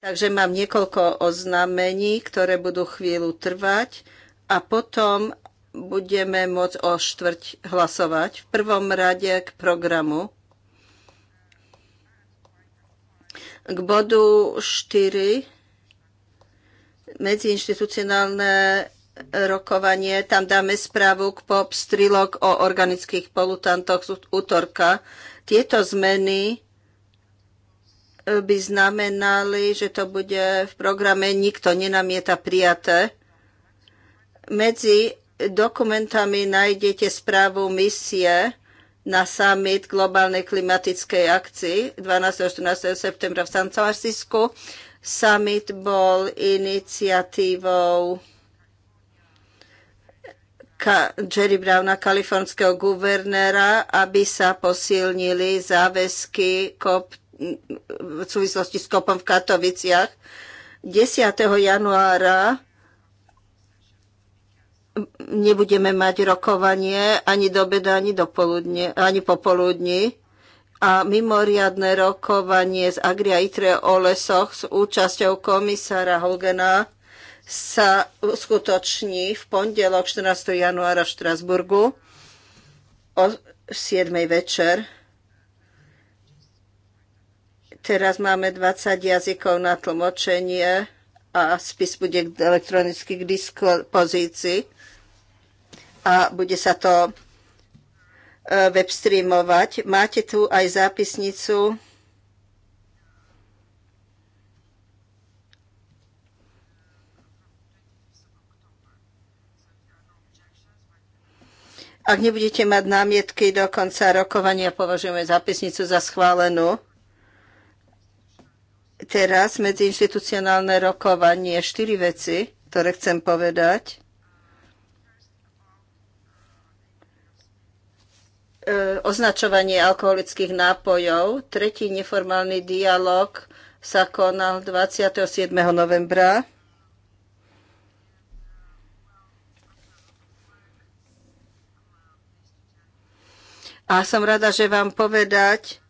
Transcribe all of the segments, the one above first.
Takže mám niekoľko oznámení, ktoré budú chvíľu trvať a potom budeme môcť o štvrť hlasovať. V prvom rade k programu. K bodu 4 medziinstitucionálne rokovanie. Tam dáme správu k POP strilok o organických polutantoch z útorka. Tieto zmeny by znamenali, že to bude v programe Nikto nenamieta prijaté. Medzi dokumentami nájdete správu misie na summit globálnej klimatickej akcii 12. a 14. septembra v San Francisku. Summit bol iniciatívou Jerry Browna, kalifornského guvernéra, aby sa posilnili záväzky COP v súvislosti s kopom v Katoviciach. 10. januára nebudeme mať rokovanie ani do beda, ani, do poludne, ani popoludní a mimoriadne rokovanie z Agria Itre o lesoch s účasťou komisára Holgena sa uskutoční v pondelok 14. januára v Štrasburgu o 7. večer. Teraz máme 20 jazykov na tlmočenie a spis bude elektronicky k dispozícii a bude sa to e, webstreamovať. Máte tu aj zápisnicu. Ak nebudete mať námietky do konca rokovania, považujeme zápisnicu za schválenú teraz medziinstitucionálne rokovanie. Štyri veci, ktoré chcem povedať. E, označovanie alkoholických nápojov. Tretí neformálny dialog sa konal 27. novembra. A som rada, že vám povedať,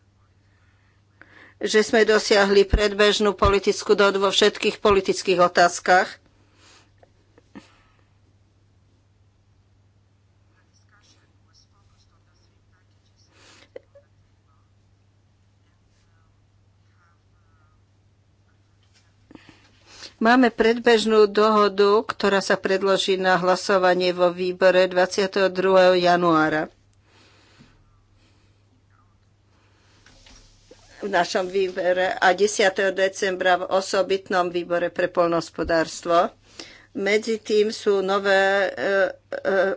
že sme dosiahli predbežnú politickú dohodu vo všetkých politických otázkach. Máme predbežnú dohodu, ktorá sa predloží na hlasovanie vo výbore 22. januára. v našom výbere a 10. decembra v osobitnom výbore pre polnospodárstvo. Medzi tým sú nové e, e,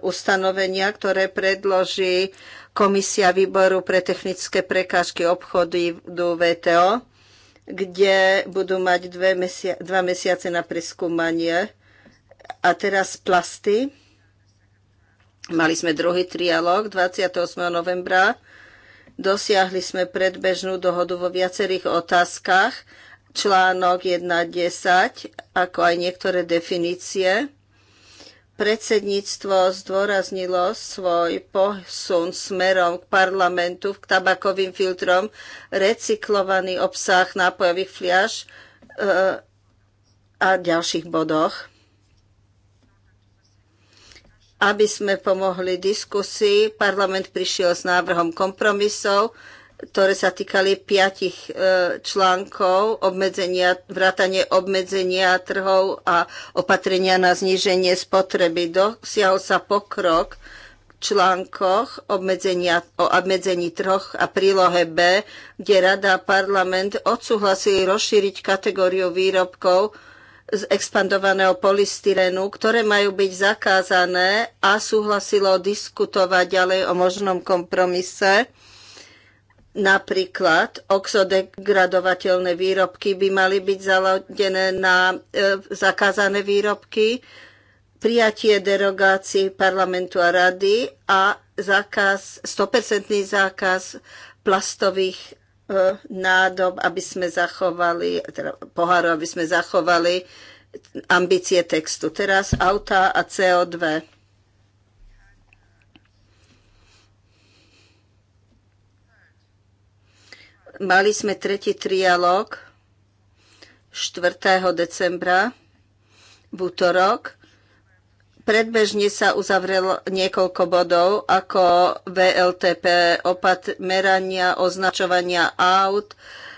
ustanovenia, ktoré predloží Komisia výboru pre technické prekážky obchody do VTO, kde budú mať dve mesia- dva mesiace na preskúmanie. A teraz plasty. Mali sme druhý trialog 28. novembra Dosiahli sme predbežnú dohodu vo viacerých otázkach, článok 1.10, ako aj niektoré definície. Predsedníctvo zdôraznilo svoj posun smerom k parlamentu k tabakovým filtrom, recyklovaný obsah nápojových fliaž e, a ďalších bodoch aby sme pomohli diskusii. Parlament prišiel s návrhom kompromisov, ktoré sa týkali piatich e, článkov, obmedzenia, vrátanie obmedzenia trhov a opatrenia na zníženie spotreby. Dosiahol sa pokrok v článkoch obmedzenia, o obmedzení troch a prílohe B, kde Rada a parlament odsúhlasili rozšíriť kategóriu výrobkov, z expandovaného polystyrenu, ktoré majú byť zakázané a súhlasilo diskutovať ďalej o možnom kompromise. Napríklad oxodegradovateľné výrobky by mali byť zaladené na e, zakázané výrobky, prijatie derogácií parlamentu a rady a zákaz, 100% zákaz plastových nádob, aby sme zachovali, teda poháru, aby sme zachovali ambície textu. Teraz auta a CO2. Mali sme tretí trialog 4. decembra v útorok Predbežne sa uzavrelo niekoľko bodov ako VLTP, opat merania, označovania aut,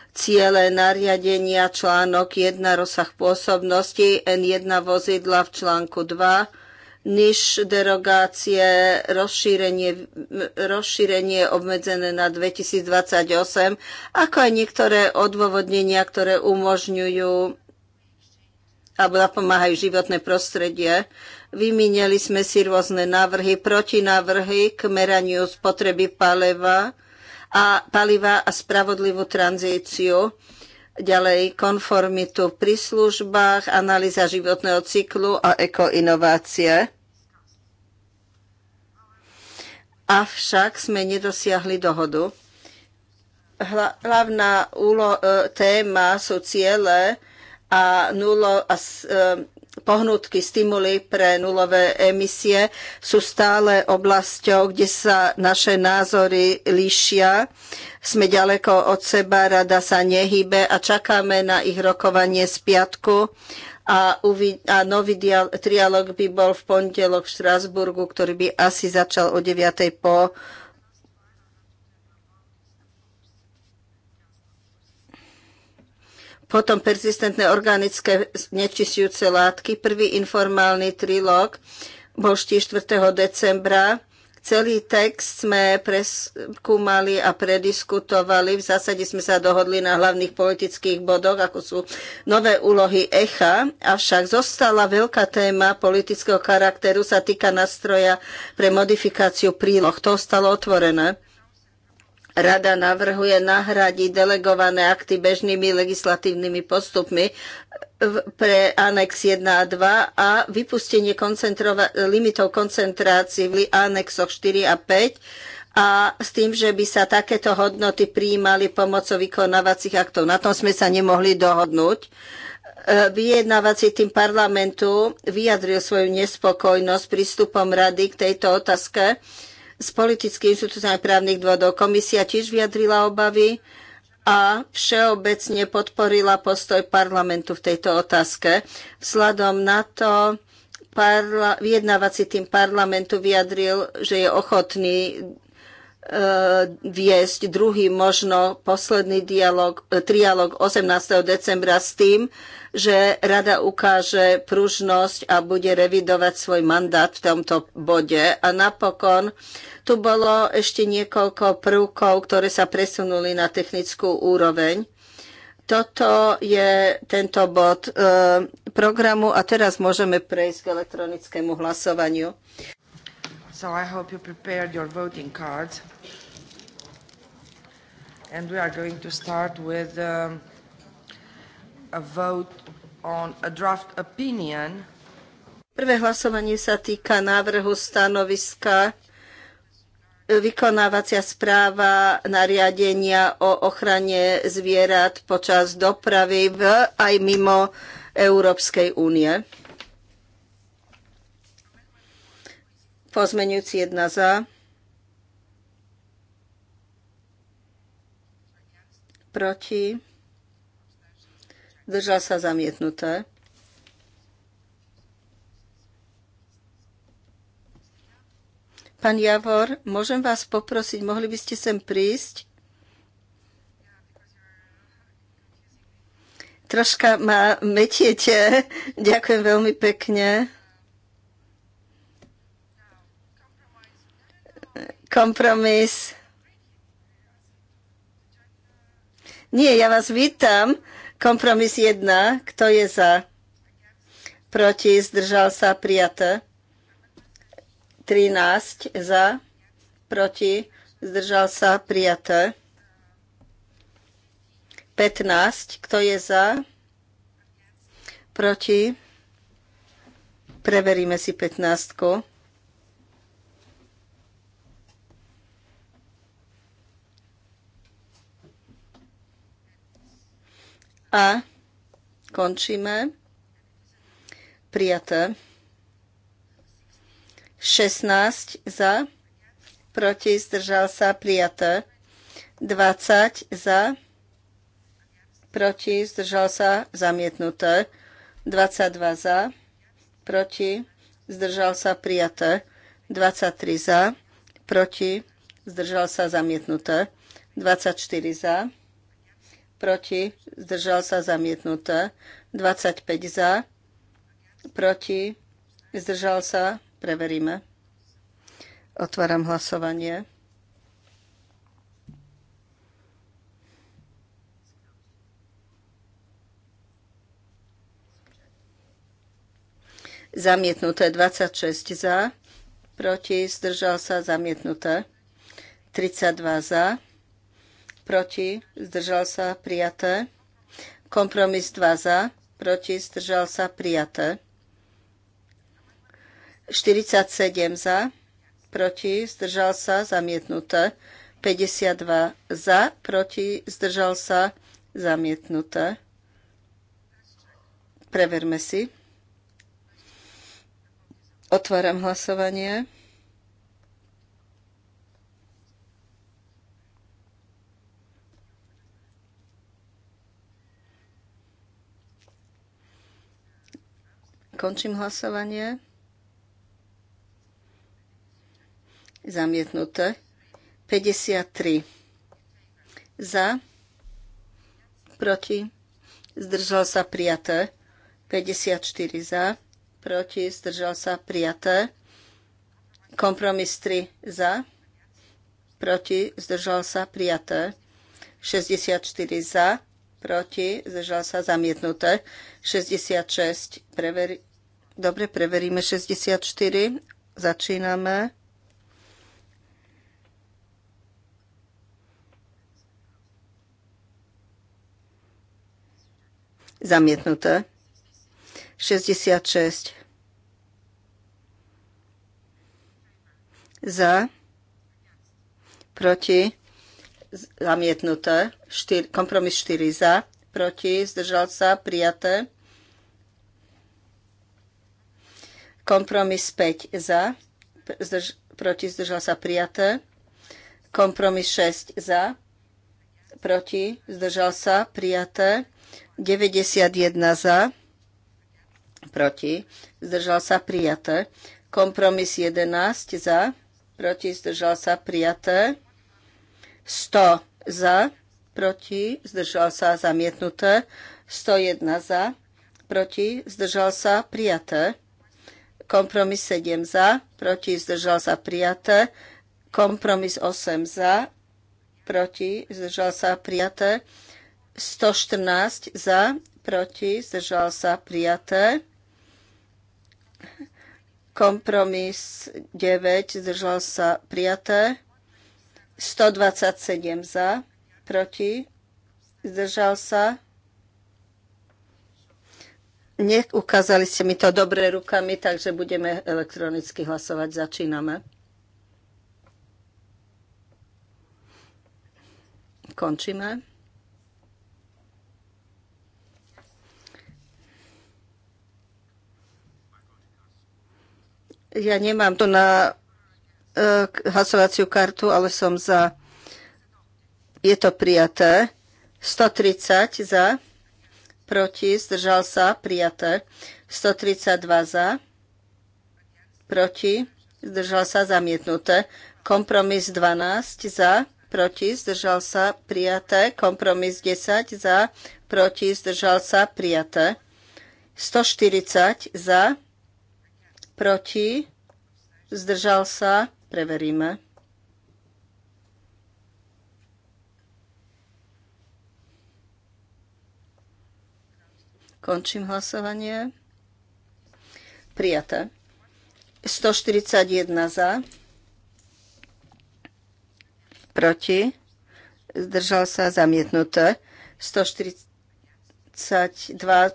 ciele nariadenia, článok 1, rozsah pôsobnosti, N1 vozidla v článku 2, niž derogácie, rozšírenie, rozšírenie obmedzené na 2028, ako aj niektoré odôvodnenia, ktoré umožňujú alebo napomáhajú životné prostredie. Vymienili sme si rôzne návrhy, protinávrhy k meraniu spotreby paliva a, paliva a spravodlivú tranzíciu ďalej konformitu pri službách, analýza životného cyklu a ekoinovácie. Avšak sme nedosiahli dohodu. Hla, hlavná úlo, e, téma sú ciele a, nulo, a e, pohnutky, stimuly pre nulové emisie sú stále oblasťou, kde sa naše názory líšia. Sme ďaleko od seba, rada sa nehybe a čakáme na ich rokovanie z piatku. A, uvi- a nový dia- trialog by bol v pondelok v Štrásburgu, ktorý by asi začal o 9.00 po Potom persistentné organické nečistujúce látky. Prvý informálny trilog bol 4. decembra. Celý text sme preskúmali a prediskutovali. V zásade sme sa dohodli na hlavných politických bodoch, ako sú nové úlohy ECHA, avšak zostala veľká téma politického charakteru sa týka nástroja pre modifikáciu príloh. To ostalo otvorené. Rada navrhuje nahradiť delegované akty bežnými legislatívnymi postupmi pre anex 1 a 2 a vypustenie koncentrova- limitov koncentrácií v anexoch 4 a 5 a s tým, že by sa takéto hodnoty prijímali pomocou vykonávacích aktov. Na tom sme sa nemohli dohodnúť e, vyjednávací tým parlamentu vyjadril svoju nespokojnosť prístupom rady k tejto otázke z politických inštitúcií právnych dôvodov. Komisia tiež vyjadrila obavy a všeobecne podporila postoj parlamentu v tejto otázke. Vzhľadom na to, parla- vyjednávací tým parlamentu vyjadril, že je ochotný E, viesť druhý možno posledný dialog, e, trialog 18. decembra s tým, že rada ukáže pružnosť a bude revidovať svoj mandát v tomto bode. A napokon tu bolo ešte niekoľko prvkov, ktoré sa presunuli na technickú úroveň. Toto je tento bod e, programu a teraz môžeme prejsť k elektronickému hlasovaniu. So I hope you prepared your voting cards. And we are going to start with um, a vote on a draft opinion. Prvé hlasovanie sa týka návrhu stanoviska e, vykonávacia správa nariadenia o ochrane zvierat počas dopravy v aj mimo Európskej únie. Pozmeňujúci 1 za. Proti. Držal sa zamietnuté. Pán Javor, môžem vás poprosiť, mohli by ste sem prísť? Troška ma metiete. Ďakujem veľmi pekne. Kompromis. Nie, ja vás vítam. Kompromis 1. Kto je za? Proti, zdržal sa, prijaté. 13 za, proti, zdržal sa, prijaté. 15. Kto je za? Proti. Preveríme si 15. A končíme. Prijaté. 16 za, proti, zdržal sa, prijaté. 20 za, proti, zdržal sa, zamietnuté. 22 za, proti, zdržal sa, prijaté. 23 za, proti, zdržal sa, zamietnuté. 24 za, proti, zdržal sa zamietnuté, 25 za, proti, zdržal sa, preveríme. Otváram hlasovanie. Zamietnuté 26 za, proti, zdržal sa, zamietnuté 32 za, proti, zdržal sa, prijaté. Kompromis 2 za, proti, zdržal sa, prijaté. 47 za, proti, zdržal sa, zamietnuté. 52 za, proti, zdržal sa, zamietnuté. Preverme si. Otváram hlasovanie. Končím hlasovanie. Zamietnuté. 53. Za. Proti. Zdržal sa prijaté. 54 za. Proti. Zdržal sa prijaté. Kompromis 3 za. Proti. Zdržal sa prijaté. 64 za. Proti. Zdržal sa zamietnuté. 66. Preveri... Dobre, preveríme 64. Začíname. Zamietnuté. 66. Za. Proti. Zamietnuté. 4, kompromis 4 za. Proti. Zdržal sa. Prijaté. Kompromis 5 za, zdrž, proti zdržal sa prijaté. Kompromis 6 za, proti zdržal sa prijaté. 91 za, proti zdržal sa prijaté. Kompromis 11 za, proti zdržal sa prijaté. 100 za, proti zdržal sa zamietnuté. 101 za, proti zdržal sa prijaté. Kompromis 7 za, proti zdržal sa prijaté. Kompromis 8 za, proti zdržal sa prijaté. 114 za, proti zdržal sa prijaté. Kompromis 9 zdržal sa prijaté. 127 za, proti zdržal sa Neukázali ste mi to dobré rukami, takže budeme elektronicky hlasovať. Začíname. Končíme. Ja nemám to na uh, hlasovaciu kartu, ale som za. Je to prijaté. 130 za proti, zdržal sa, prijaté. 132 za, proti, zdržal sa, zamietnuté. Kompromis 12 za, proti, zdržal sa, prijaté. Kompromis 10 za, proti, zdržal sa, prijaté. 140 za, proti, zdržal sa, preveríme. Končím hlasovanie. Prijaté. 141 za. Proti. Zdržal sa zamietnuté. 142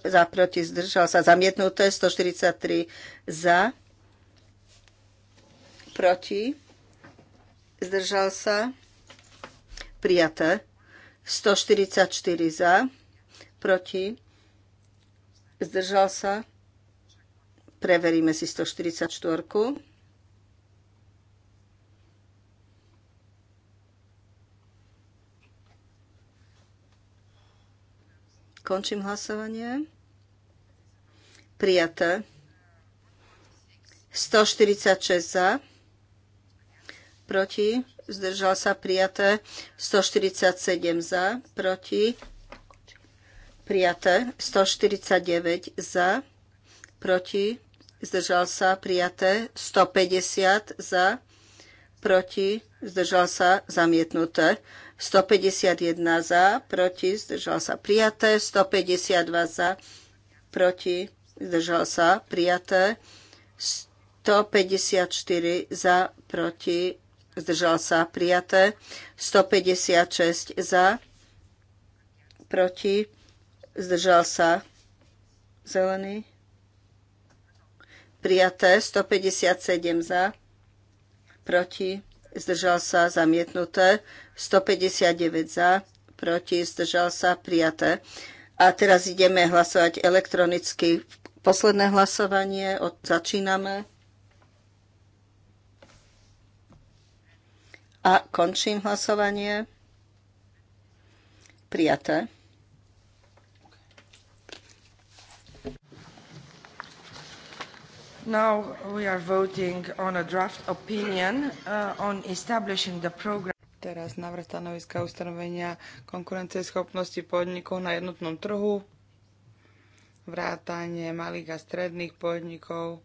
za, proti, zdržal sa zamietnuté, 143 za, proti, zdržal sa, prijaté, 144 za, proti, Zdržal sa? Preveríme si 144. Končím hlasovanie. Prijaté. 146 za. Proti. Zdržal sa prijaté. 147 za. Proti prijaté. 149 za, proti, zdržal sa, prijaté. 150 za, proti, zdržal sa, zamietnuté. 151 za, proti, zdržal sa, prijaté. 152 za, proti, zdržal sa, prijaté. 154 za, proti, zdržal sa, prijaté. 156 za, proti, zdržal sa, zelený, prijaté, 157 za, proti, zdržal sa, zamietnuté, 159 za, proti, zdržal sa, prijaté. A teraz ideme hlasovať elektronicky. Posledné hlasovanie, od, začíname. A končím hlasovanie. Prijaté. Now we are voting on a draft opinion uh, on establishing the program. Teraz návrh stanoviska ustanovenia konkurencieschopnosti podnikov na jednotnom trhu, vrátanie malých a stredných podnikov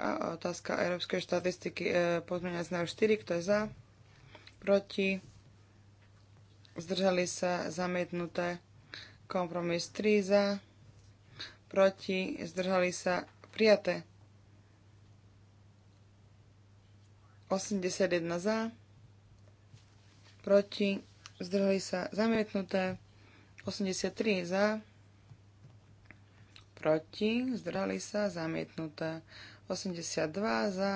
a otázka európskej štatistiky e, pozmeňací návrh 4, kto je za, proti, zdržali sa zamietnuté kompromis 3 za, proti, zdržali sa Prijaté. 81 za, proti, zdrhli sa zamietnuté, 83 za, proti, zdrhli sa zamietnuté, 82 za,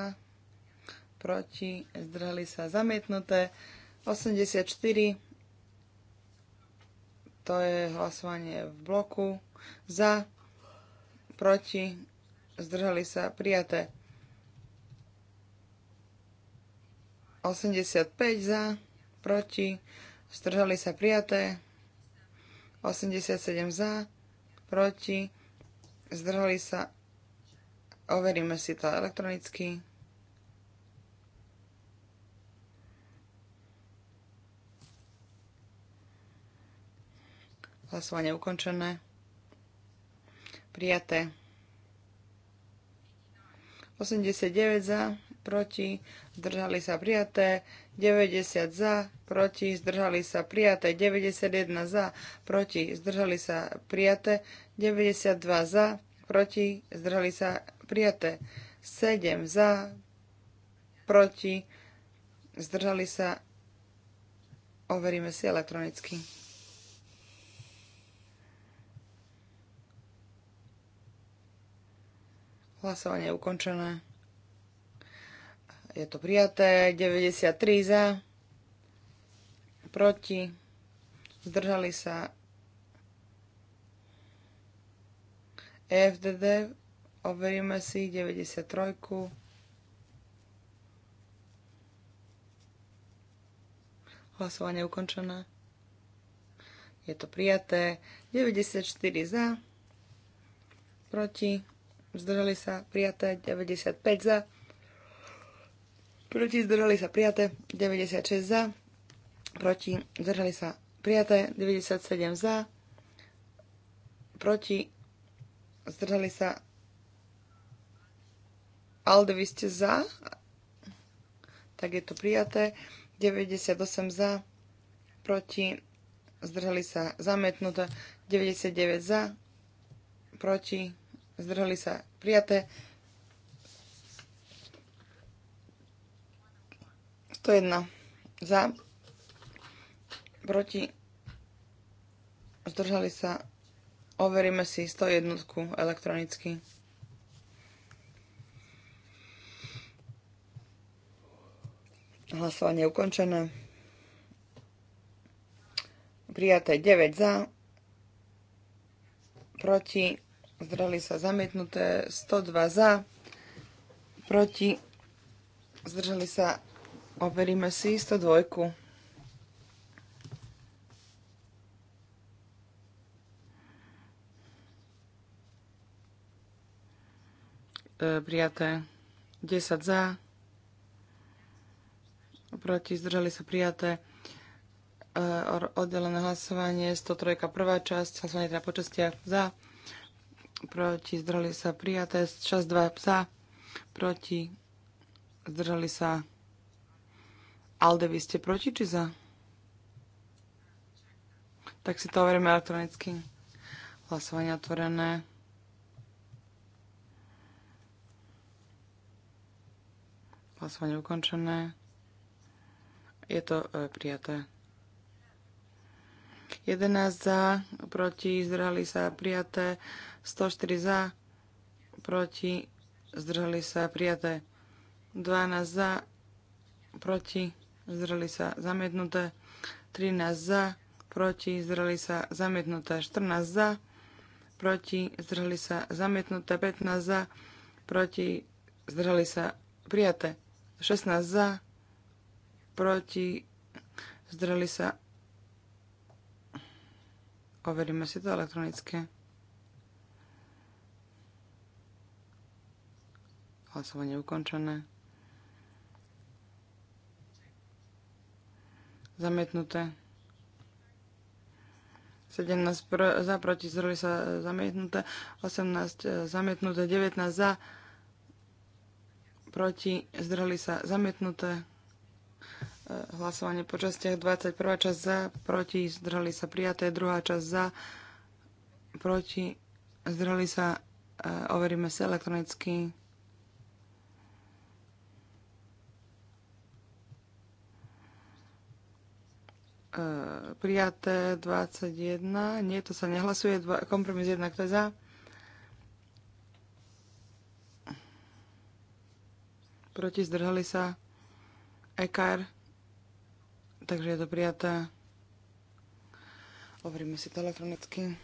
proti, zdrhli sa zamietnuté, 84 to je hlasovanie v bloku, za, proti, zdržali sa, prijaté. 85 za, proti, zdržali sa, prijaté. 87 za, proti, zdržali sa, overíme si to elektronicky. Hlasovanie ukončené. Prijaté. 89 za, proti, zdržali sa prijaté, 90 za, proti, zdržali sa prijaté, 91 za, proti, zdržali sa prijaté, 92 za, proti, zdržali sa prijaté, 7 za, proti, zdržali sa, overíme si elektronicky. Hlasovanie je ukončené. Je to prijaté. 93 za. Proti. Zdržali sa. EFDD. Overíme si 93. Hlasovanie ukončené. Je to prijaté. 94 za. Proti zdržali sa prijaté 95 za, proti zdržali sa prijaté 96 za, proti zdržali sa prijaté 97 za, proti zdržali sa Alde, vy ste za, tak je to prijaté. 98 za, proti, zdržali sa zamietnuté. 99 za, proti, zdrhli sa prijaté. 101 za, proti, zdržali sa, overíme si 101 elektronicky. Hlasovanie ukončené. Prijaté 9 za, proti, Zdrali sa zamietnuté, 102 za, proti, zdržali sa, overíme si 102. E, prijaté 10 za, proti zdržali sa prijaté e, oddelené hlasovanie 103 prvá časť, hlasovanie teda počastia za, proti, zdrali sa prijaté, čas 2 psa, proti, zdrali sa. Alde, vy ste proti či za? Tak si to overíme elektronicky. Hlasovanie otvorené. Hlasovanie ukončené. Je to e, prijaté. 11 za, proti, zdrhali sa prijaté. 104 za, proti, zdrhali sa prijaté. 12 za, proti, zdrhali sa zamietnuté. 13 za, proti, zdrhali sa zamietnuté. 14 za, proti, zdrhali sa zamietnuté. 15 za, proti, zdrhali sa prijaté. 16 za, proti, zdrhali sa Overíme si to elektronické. Hlasovanie ukončené. Zamietnuté. 17 pr- za, proti, zdroli e, e, sa zamietnuté. 18 zamietnuté, 19 za, proti, zdroli sa zamietnuté hlasovanie po častiach 21. časť za, proti, zdrhali sa prijaté, druhá časť za, proti, zdrhali sa, eh, overíme si elektronicky. Eh, prijaté 21, nie, to sa nehlasuje, kompromis 1, kto je za? Proti zdrhali sa. EKR takže je to prijaté. Overíme si to elektronicky.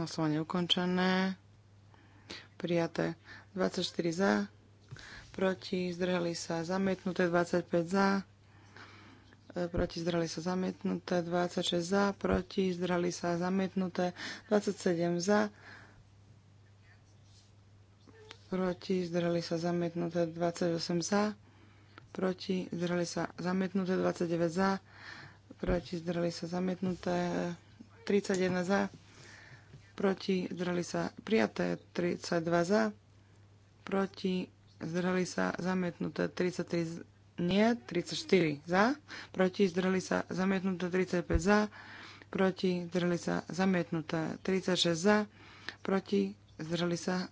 Hlasovanie ukončené. Prijaté 24 za, proti zdrhali sa zamietnuté 25 e, za, proti zdrhali sa zamietnuté 26 za, proti zdrhali sa zamietnuté 27 za, proti, zdrali sa zamietnuté 28 za, proti, zdrali sa zamietnuté 29 za, proti, zdrali sa zamietnuté 31 za, proti, zdrali sa prijaté 32 za, proti, zdrali sa zamietnuté 33 nie, 34 za, proti, zdrali sa zamietnuté 35 za, proti, zdrali sa zamietnuté 36 za, proti, zdrali sa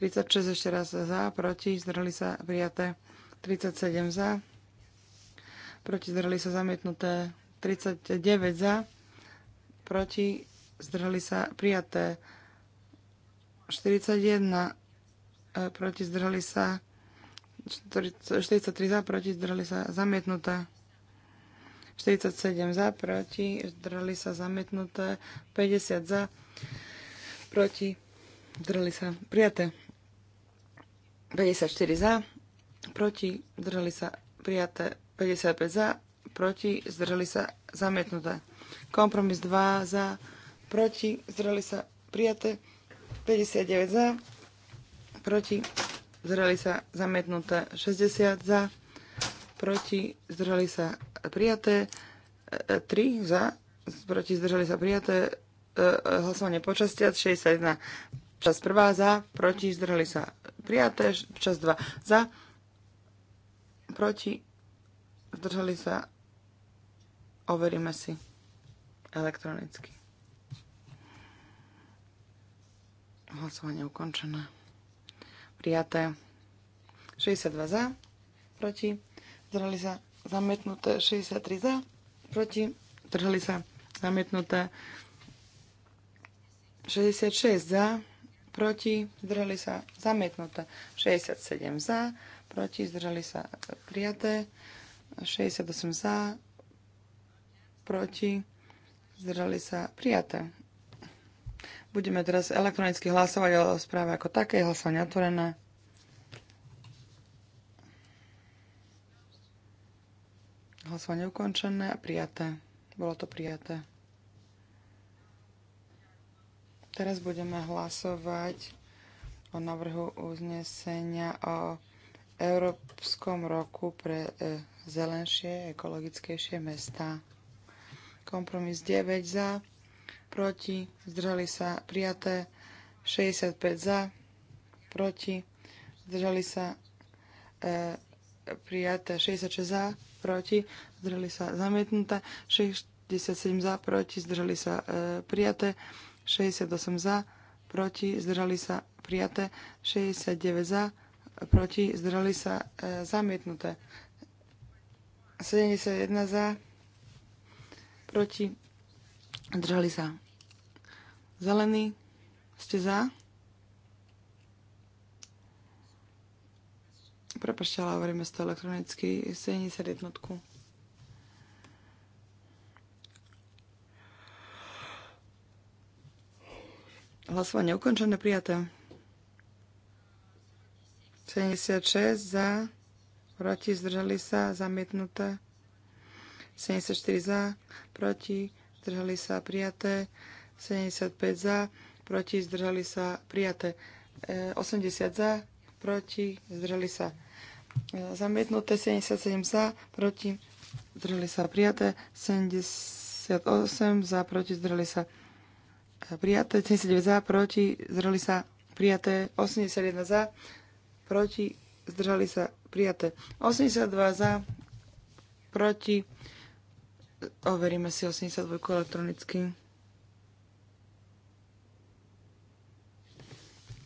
36 ešte raz za, proti, zdrali sa prijaté. 37 za, proti, zdrali sa zamietnuté. 39 za, proti, zdrali sa prijaté. 41 e, proti, zdrali sa 43 za, proti, zdrali sa zamietnuté. 47 za, proti, zdrali sa zamietnuté. 50 za, proti, zdrali sa prijaté. 54 za, proti, zdržali sa prijaté 55 za, proti, zdržali sa zamietnuté. Kompromis 2 za, proti, zdržali sa prijaté 59 za, proti, zdržali sa zamietnuté 60 za, proti, zdržali sa prijaté 3 e, e, za, proti, zdržali sa prijaté e, hlasovanie počastia 61 čas prvá za, proti, zdržali sa Prijaté čas 2. Za, proti, zdržali sa, overíme si elektronicky. Hlasovanie ukončené. Prijaté. 62 za, proti, zdržali sa, zamietnuté 63 za, proti, zdržali sa, zamietnuté 66 za, proti, zdržali sa zamietnuté. 67 za, proti, zdržali sa prijaté. 68 za, proti, zdržali sa prijaté. Budeme teraz elektronicky hlasovať o správe ako také, hlasovanie otvorené. Hlasovanie ukončené a prijaté. Bolo to prijaté. Teraz budeme hlasovať o navrhu uznesenia o Európskom roku pre e, zelenšie, ekologickejšie mesta. Kompromis 9 za, proti, zdržali sa prijaté, 65 za, proti, zdržali sa e, prijaté, 66 za, proti, zdržali sa zamietnuté, 67 za, proti, zdržali sa e, prijaté, 68 za, proti, zdržali sa prijaté, 69 za, proti, zdržali sa e, zamietnuté, 71 za, proti, zdržali sa. Zelený, ste za? Prepašťala, hovoríme z to elektronicky, 71. Hlasovanie ukončené, prijaté. 76 za, proti, zdržali sa, zamietnuté. 74 za, proti, zdržali sa, prijaté. 75 za, proti, zdržali sa, prijaté. 80 e, za, proti, zdržali sa, e, zamietnuté. 77 za, proti, zdržali sa, prijaté. 78 za, proti, zdržali sa, prijaté prijaté, 79 za, proti, zdržali sa prijaté, 81 za, proti, zdržali sa prijaté, 82 za, proti, overíme si 82 elektronicky.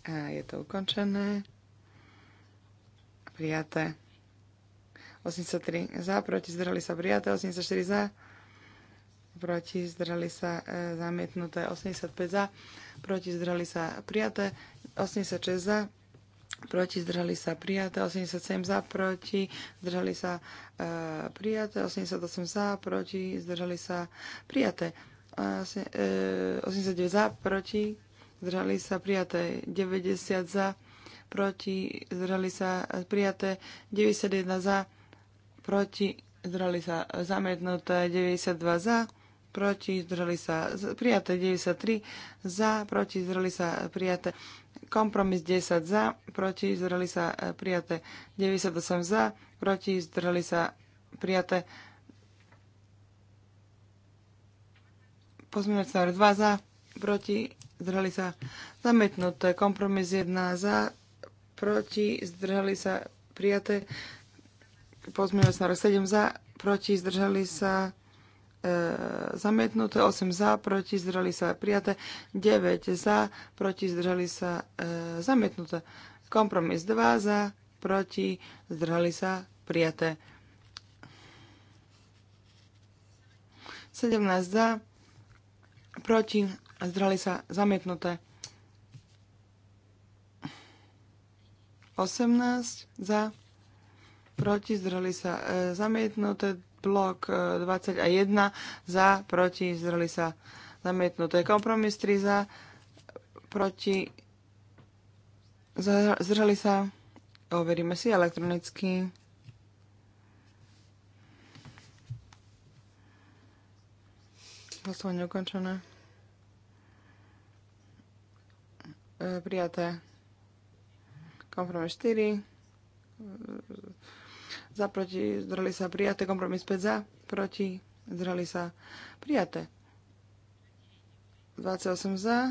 A je to ukončené. Prijaté. 83 za, proti, zdržali sa prijaté, 84 za, proti zdrali sa e, zamietnuté 85 za, proti zdrali sa prijaté 86 za, proti zdrali sa prijaté 87 za, proti zdrali sa e, prijaté 88 za, proti zdrali sa prijaté e, 89 za, proti zdrali sa prijaté 90 za, proti zdrali sa prijaté 91 za, proti zdrali sa zamietnuté 92 za, proti, zdržali sa prijaté 93, za, proti, zdržali sa prijaté kompromis 10 za, proti, zdržali sa e, prijaté 98 za, proti, zdržali sa prijaté pozmeňovací návrh 2 za, proti, zdržali sa zamietnuté kompromis 1 za, proti, zdržali sa prijaté pozmeňovací návrh 7 za, proti, zdržali sa E, zamietnuté, 8 za, proti, zdržali sa prijaté, 9 za, proti, zdržali sa e, zamietnuté. Kompromis 2 za, proti, zdržali sa prijaté. 17 za, proti, zdržali sa zamietnuté. 18 za, proti, zdržali sa e, zamietnuté blok 21 e, za, proti, zdreli sa je Kompromis 3 za, proti, zdreli sa, overíme si elektronicky. Hlasovanie ukončené. E, prijaté. Kompromis 4 za, proti, zdrali sa, prijaté. Kompromis 5 za, proti, zdrali sa, prijaté. 28 za,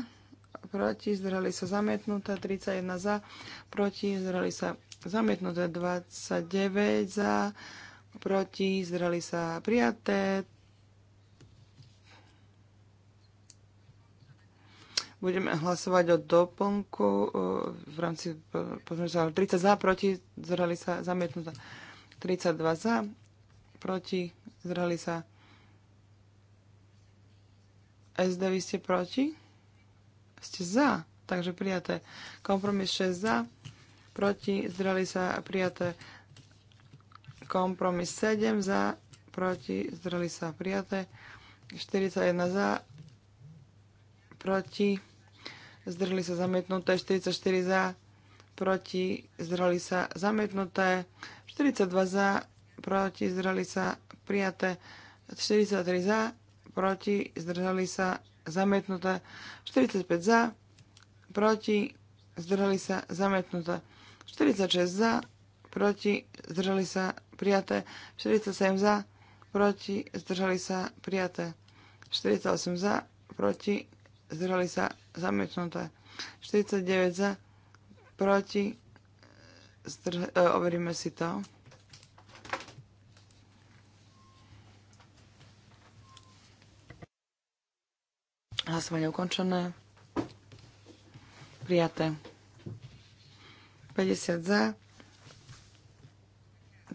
proti, zdrali sa, zamietnuté. 31 za, proti, zdrali sa, zamietnuté. 29 za, proti, zdrali sa, prijaté. Budeme hlasovať o doplnku eh, v rámci 30 eh, za, proti, zrali sa, zamietnuté. 32 za, proti, zdrhali sa. SD, vy ste proti? Ste za, takže prijaté. Kompromis 6 za, proti, zdrhali sa, prijaté. Kompromis 7 za, proti, zdrhali sa, prijaté. 41 za, proti, zdrhli sa zamietnuté, 44 za, proti, zdrali sa zamietnuté, 42 za, proti, zdrali sa prijaté, 43 za, proti, zdržali sa zamietnuté, 45 za, proti, zdržali sa zamietnuté, 46 za, proti, zdržali sa prijaté, 47 za, proti, zdržali sa prijaté, 48 za, proti, zdržali sa zamietnuté, 49 za, proti, zdrž- e, overíme si to. Hlasovanie ukončené. Prijaté. 50 za.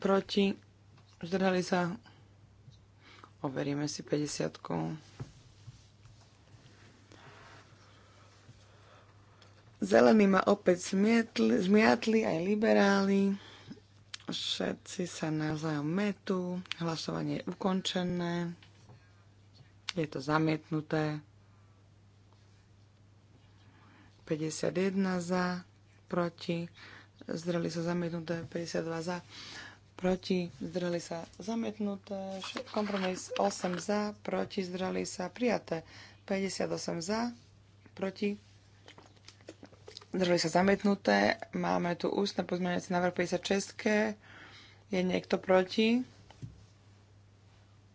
Proti. Zdrhali sa. Overíme si 50. -ku. Zelení ma opäť smietli, zmiatli, aj liberáli. Všetci sa navzájom metu. Hlasovanie je ukončené. Je to zamietnuté. 51 za, proti. Zdreli sa zamietnuté. 52 za, proti. Zdreli sa zamietnuté. Kompromis 8 za, proti. Zdreli sa prijaté. 58 za, proti Držali sa zametnuté, Máme tu ústne pozmeňovací návrh 56. Je niekto proti?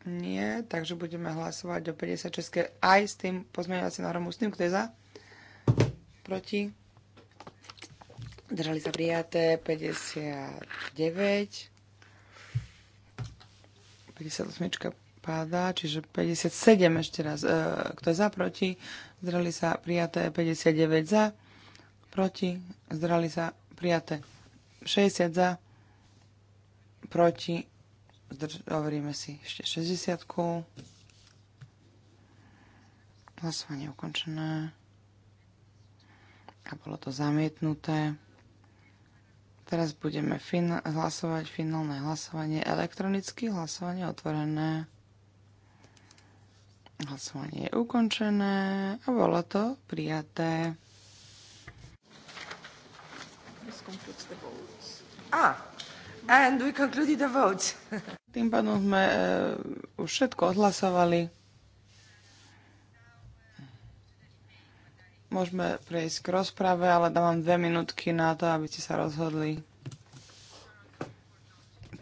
Nie, takže budeme hlasovať o 56. aj s tým pozmeňovacím návrhom ústnym. Kto je za? Proti? Držali sa prijaté 59. 58 páda, čiže 57 ešte raz. E, kto je za, proti? Zdrali sa prijaté 59 za proti, zdrali sa, prijaté. 60 za, proti, zdrž, si ešte 60. Hlasovanie ukončené. A bolo to zamietnuté. Teraz budeme fin- hlasovať finálne hlasovanie elektronicky, hlasovanie otvorené. Hlasovanie je ukončené a bolo to prijaté concludes the votes. Ah, and we concluded the votes. Tým pádom sme uh, už všetko odhlasovali. Môžeme prejsť k rozprave, ale dávam dve minútky na to, aby ste sa rozhodli,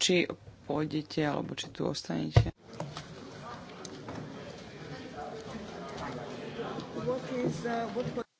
či pôjdete alebo či tu ostanete. What is, uh, what...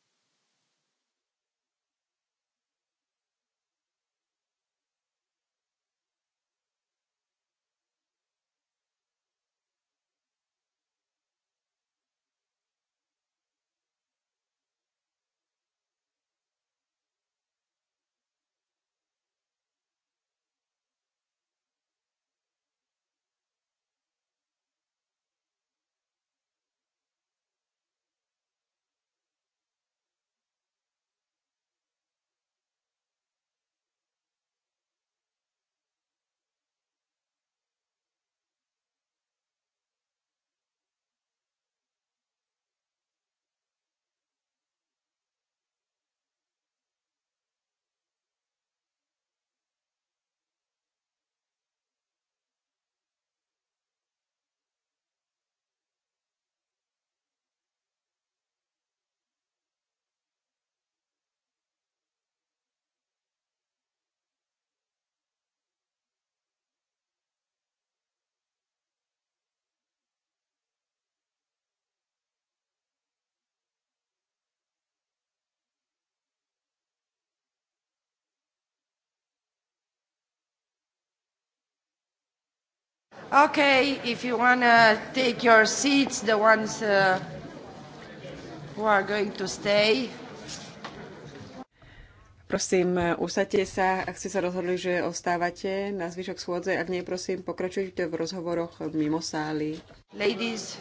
Okay, if you want to take your seats, the ones uh, who are going to stay. Prosím, uh, usadte sa, ak ste sa rozhodli, že ostávate na zvyšok schôdze. Ak nie, prosím, pokračujte v rozhovoroch mimo sály. Ladies,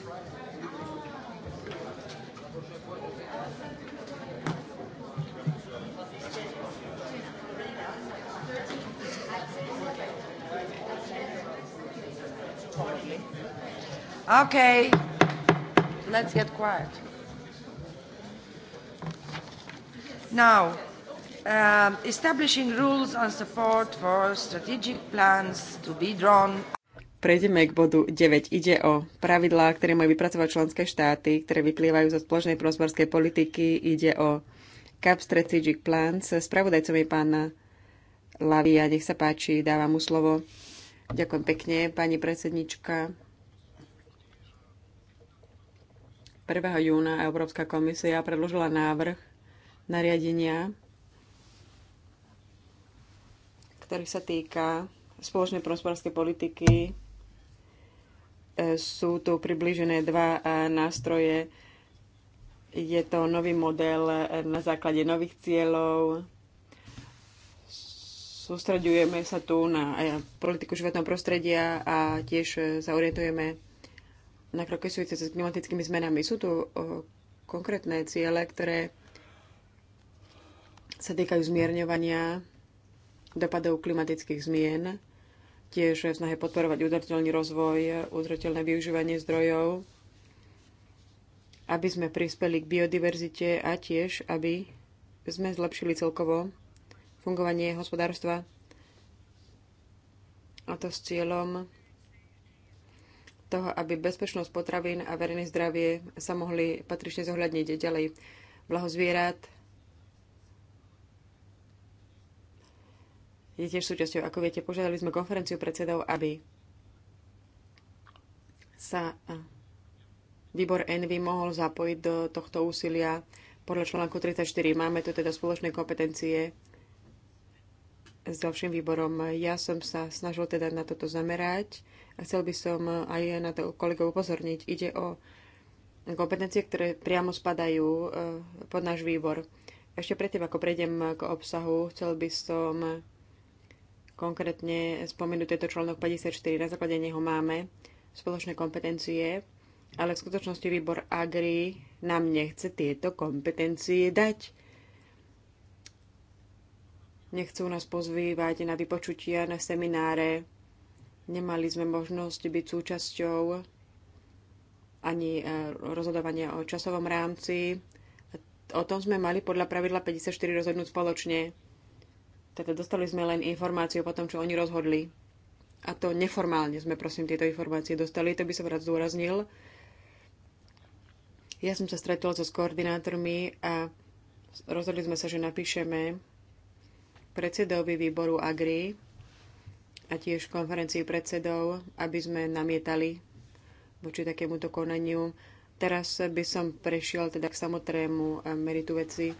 Okay. Let's get quiet. Now, um, establishing rules on support for strategic plans to be drawn Prejdeme k bodu 9. Ide o pravidlá, ktoré majú vypracovať členské štáty, ktoré vyplývajú zo spoločnej prosperskej politiky. Ide o CAP Strategic Plans. Spravodajcom je pán Lavia. Nech sa páči, dávam mu slovo. Ďakujem pekne, pani predsednička. 1. júna Európska komisia predložila návrh nariadenia, ktorý sa týka spoločnej prospodárskej politiky. E, sú tu približené dva e, nástroje. Je to nový model e, na základe nových cieľov. Sústredujeme sa tu na politiku životného prostredia a tiež sa orientujeme na kroky súvisiace s klimatickými zmenami. Sú tu konkrétne ciele, ktoré sa týkajú zmierňovania dopadov klimatických zmien, tiež v snahe podporovať udržateľný rozvoj, udržateľné využívanie zdrojov, aby sme prispeli k biodiverzite a tiež, aby sme zlepšili celkovo fungovanie hospodárstva a to s cieľom toho, aby bezpečnosť potravín a verejné zdravie sa mohli patrične zohľadniť ďalej. Blaho zvierat je tiež súčasťou, ako viete, požiadali sme konferenciu predsedov, aby sa výbor Envy mohol zapojiť do tohto úsilia podľa článku 34. Máme tu teda spoločné kompetencie s ďalším výborom. Ja som sa snažil teda na toto zamerať a chcel by som aj na to kolegov upozorniť. Ide o kompetencie, ktoré priamo spadajú eh, pod náš výbor. Ešte predtým, ako prejdem k obsahu, chcel by som konkrétne spomenúť tento článok 54. Na základe neho máme spoločné kompetencie, ale v skutočnosti výbor Agri nám nechce tieto kompetencie dať. Nechcú nás pozvývať na vypočutia, na semináre, Nemali sme možnosť byť súčasťou ani e, rozhodovania o časovom rámci. O tom sme mali podľa pravidla 54 rozhodnúť spoločne. Teda dostali sme len informáciu o tom, čo oni rozhodli. A to neformálne sme, prosím, tieto informácie dostali. To by som rád zdôraznil. Ja som sa stretol so s koordinátormi a rozhodli sme sa, že napíšeme predsedovi výboru AGRI a tiež konferencii predsedov, aby sme namietali voči takémuto konaniu. Teraz by som prešiel teda k samotnému eh, meritu veci.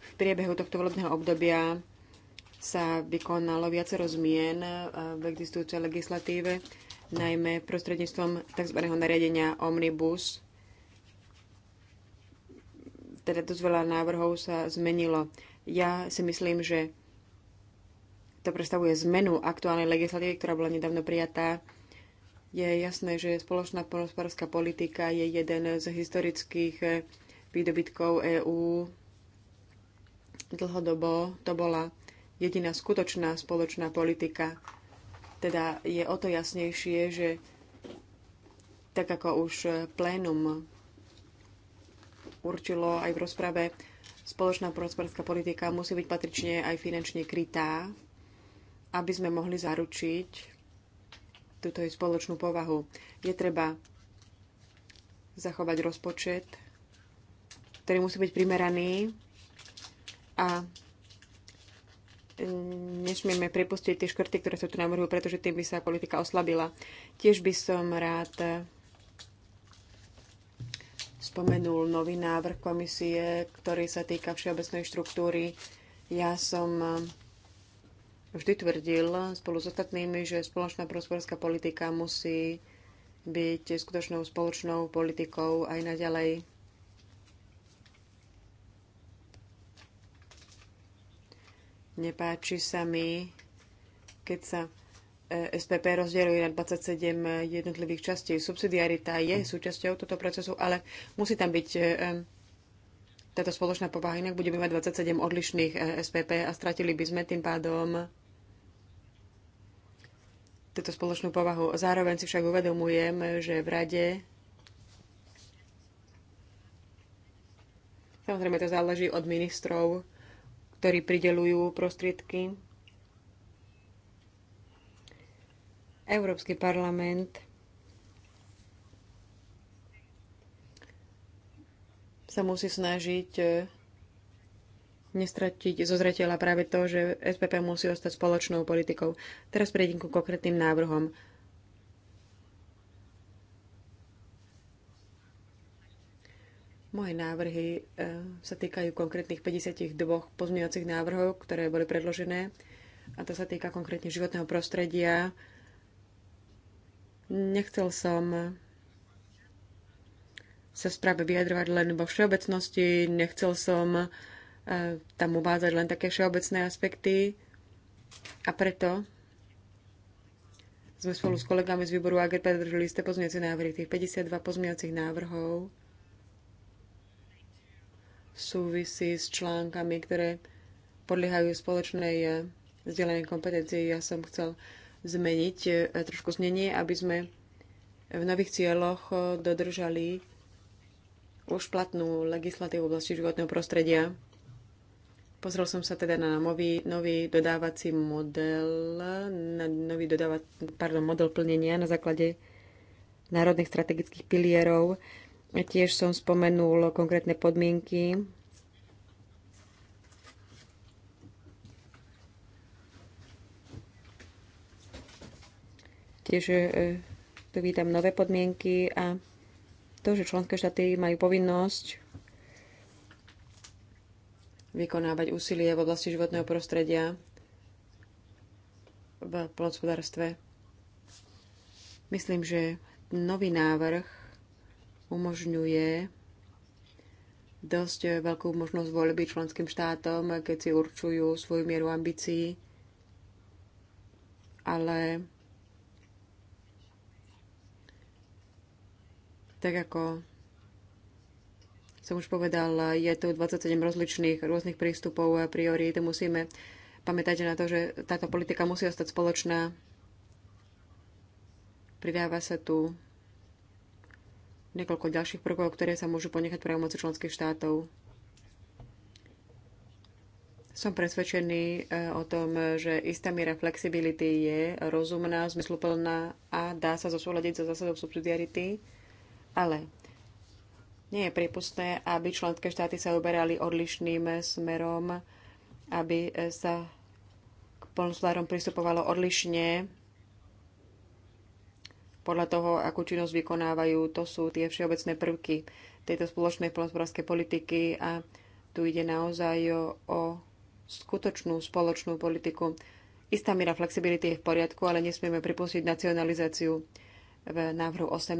V priebehu tohto volebného obdobia sa vykonalo viacero zmien eh, v existujúcej legislatíve, najmä prostredníctvom tzv. nariadenia Omnibus. Teda dosť veľa návrhov sa zmenilo. Ja si myslím, že to predstavuje zmenu aktuálnej legislatívy, ktorá bola nedávno prijatá. Je jasné, že spoločná polnospodárska politika je jeden z historických eh, výdobytkov EÚ. Dlhodobo to bola jediná skutočná spoločná politika. Teda je o to jasnejšie, že tak ako už eh, plénum určilo aj v rozprave, spoločná polnospodárska politika musí byť patrične aj finančne krytá aby sme mohli zaručiť túto jej spoločnú povahu. Je treba zachovať rozpočet, ktorý musí byť primeraný a nesmieme pripustiť tie škrty, ktoré sa tu navrhujú, pretože tým by sa politika oslabila. Tiež by som rád spomenul nový návrh komisie, ktorý sa týka všeobecnej štruktúry. Ja som vždy tvrdil spolu s ostatnými, že spoločná prospodárska politika musí byť skutočnou spoločnou politikou aj naďalej. Nepáči sa mi, keď sa e, SPP rozdeľuje na 27 jednotlivých častí. Subsidiarita je súčasťou tohto procesu, ale musí tam byť e, e, táto spoločná povaha, inak budeme mať 27 odlišných SPP a stratili by sme tým pádom túto spoločnú povahu. Zároveň si však uvedomujem, že v rade Samozrejme, to záleží od ministrov, ktorí pridelujú prostriedky. Európsky parlament sa musí snažiť eh, nestratiť zo zretela práve to, že SPP musí ostať spoločnou politikou. Teraz prejdem ku konkrétnym návrhom. Moje návrhy e, sa týkajú konkrétnych 52 pozmeňovacích návrhov, ktoré boli predložené a to sa týka konkrétne životného prostredia. Nechcel som sa správe vyjadrovať len vo všeobecnosti, nechcel som tam uvádzať len také všeobecné aspekty a preto sme spolu s kolegami z výboru AGR predržili ste pozmiace návrhy. Tých 52 pozmiacich návrhov súvisí s článkami, ktoré podliehajú spoločnej eh, vzdelenej kompetencii. Ja som chcel zmeniť eh, trošku znenie, aby sme v nových cieľoch eh, dodržali už platnú legislatívu v oblasti životného prostredia. Pozrel som sa teda na nový, nový dodávací model, na nový dodáva, pardon, model plnenia na základe národných strategických pilierov. Tiež som spomenul konkrétne podmienky Tiež e, tu vítam nové podmienky a to, že členské štáty majú povinnosť vykonávať úsilie v oblasti životného prostredia v plodspodárstve. Myslím, že nový návrh umožňuje dosť veľkú možnosť voľby členským štátom, keď si určujú svoju mieru ambícií, ale tak ako som už povedala, je tu 27 rozličných rôznych prístupov a priorít. Musíme pamätať na to, že táto politika musí ostať spoločná. Pridáva sa tu niekoľko ďalších prvkov, ktoré sa môžu ponechať pre právomoci členských štátov. Som presvedčený e, o tom, že istá miera flexibility je rozumná, zmysluplná a dá sa zosúľadiť so zásadou subsidiarity, ale nie je prípustné, aby členské štáty sa uberali odlišným smerom, aby sa k polnospodárom pristupovalo odlišne podľa toho, akú činnosť vykonávajú. To sú tie všeobecné prvky tejto spoločnej polnospodárskej politiky a tu ide naozaj o, o skutočnú spoločnú politiku. Istá míra flexibility je v poriadku, ale nesmieme pripustiť nacionalizáciu v návrhu 18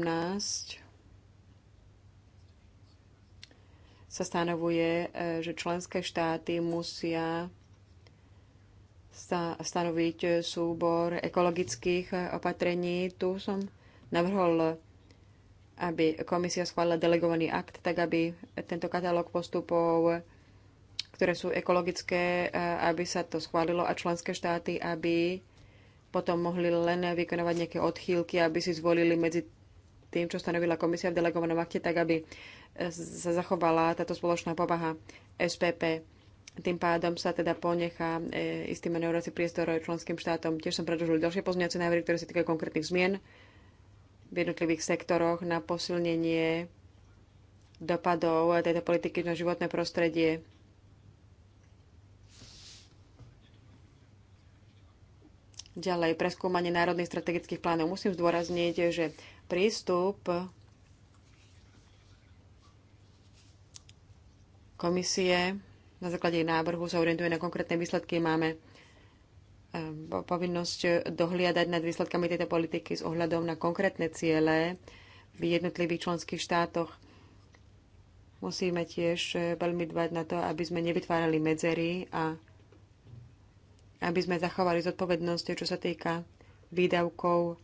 sa stanovuje, e, že členské štáty musia stanoviť e, súbor ekologických e, opatrení. Tu som navrhol, aby komisia schválila delegovaný akt, tak aby tento katalóg postupov, ktoré sú ekologické, aby sa to schválilo a členské štáty, aby potom mohli len vykonovať nejaké odchýlky, aby si zvolili medzi tým, čo stanovila komisia v delegovanom akte, tak aby e, sa zachovala táto spoločná povaha SPP. Tým pádom sa teda ponechá e, istý manevrovací priestor členským štátom. Tiež som predložil ďalšie pozmeňovacie návrhy, ktoré sa týkajú konkrétnych zmien v jednotlivých sektoroch na posilnenie dopadov tejto politiky na životné prostredie. Ďalej, preskúmanie národných strategických plánov. Musím zdôrazniť, že prístup komisie na základe jej návrhu sa orientuje na konkrétne výsledky. Máme eh, povinnosť dohliadať nad výsledkami tejto politiky s ohľadom na konkrétne ciele v jednotlivých členských štátoch. Musíme tiež eh, veľmi dbať na to, aby sme nevytvárali medzery a aby sme zachovali zodpovednosť, čo sa týka výdavkov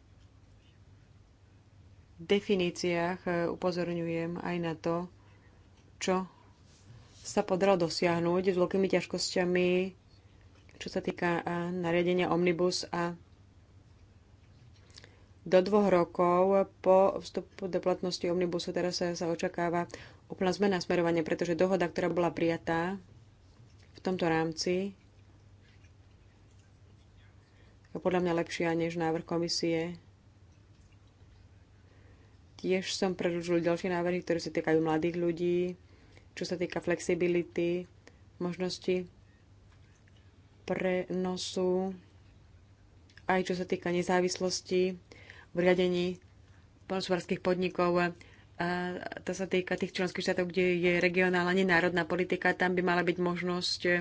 definíciách e, upozorňujem aj na to, čo sa podarilo dosiahnuť s veľkými ťažkosťami, čo sa týka e, nariadenia Omnibus a do dvoch rokov po vstupu do platnosti Omnibusu teraz sa, sa očakáva úplná zmena smerovania, pretože dohoda, ktorá bola prijatá v tomto rámci, je podľa mňa lepšia než návrh komisie. Tiež som predlžil ďalšie návrhy, ktoré sa týkajú mladých ľudí, čo sa týka flexibility, možnosti prenosu, aj čo sa týka nezávislosti v riadení polnospodárských podnikov. A to sa týka tých členských štátov, kde je regionálna nenárodná politika, tam by mala byť možnosť e,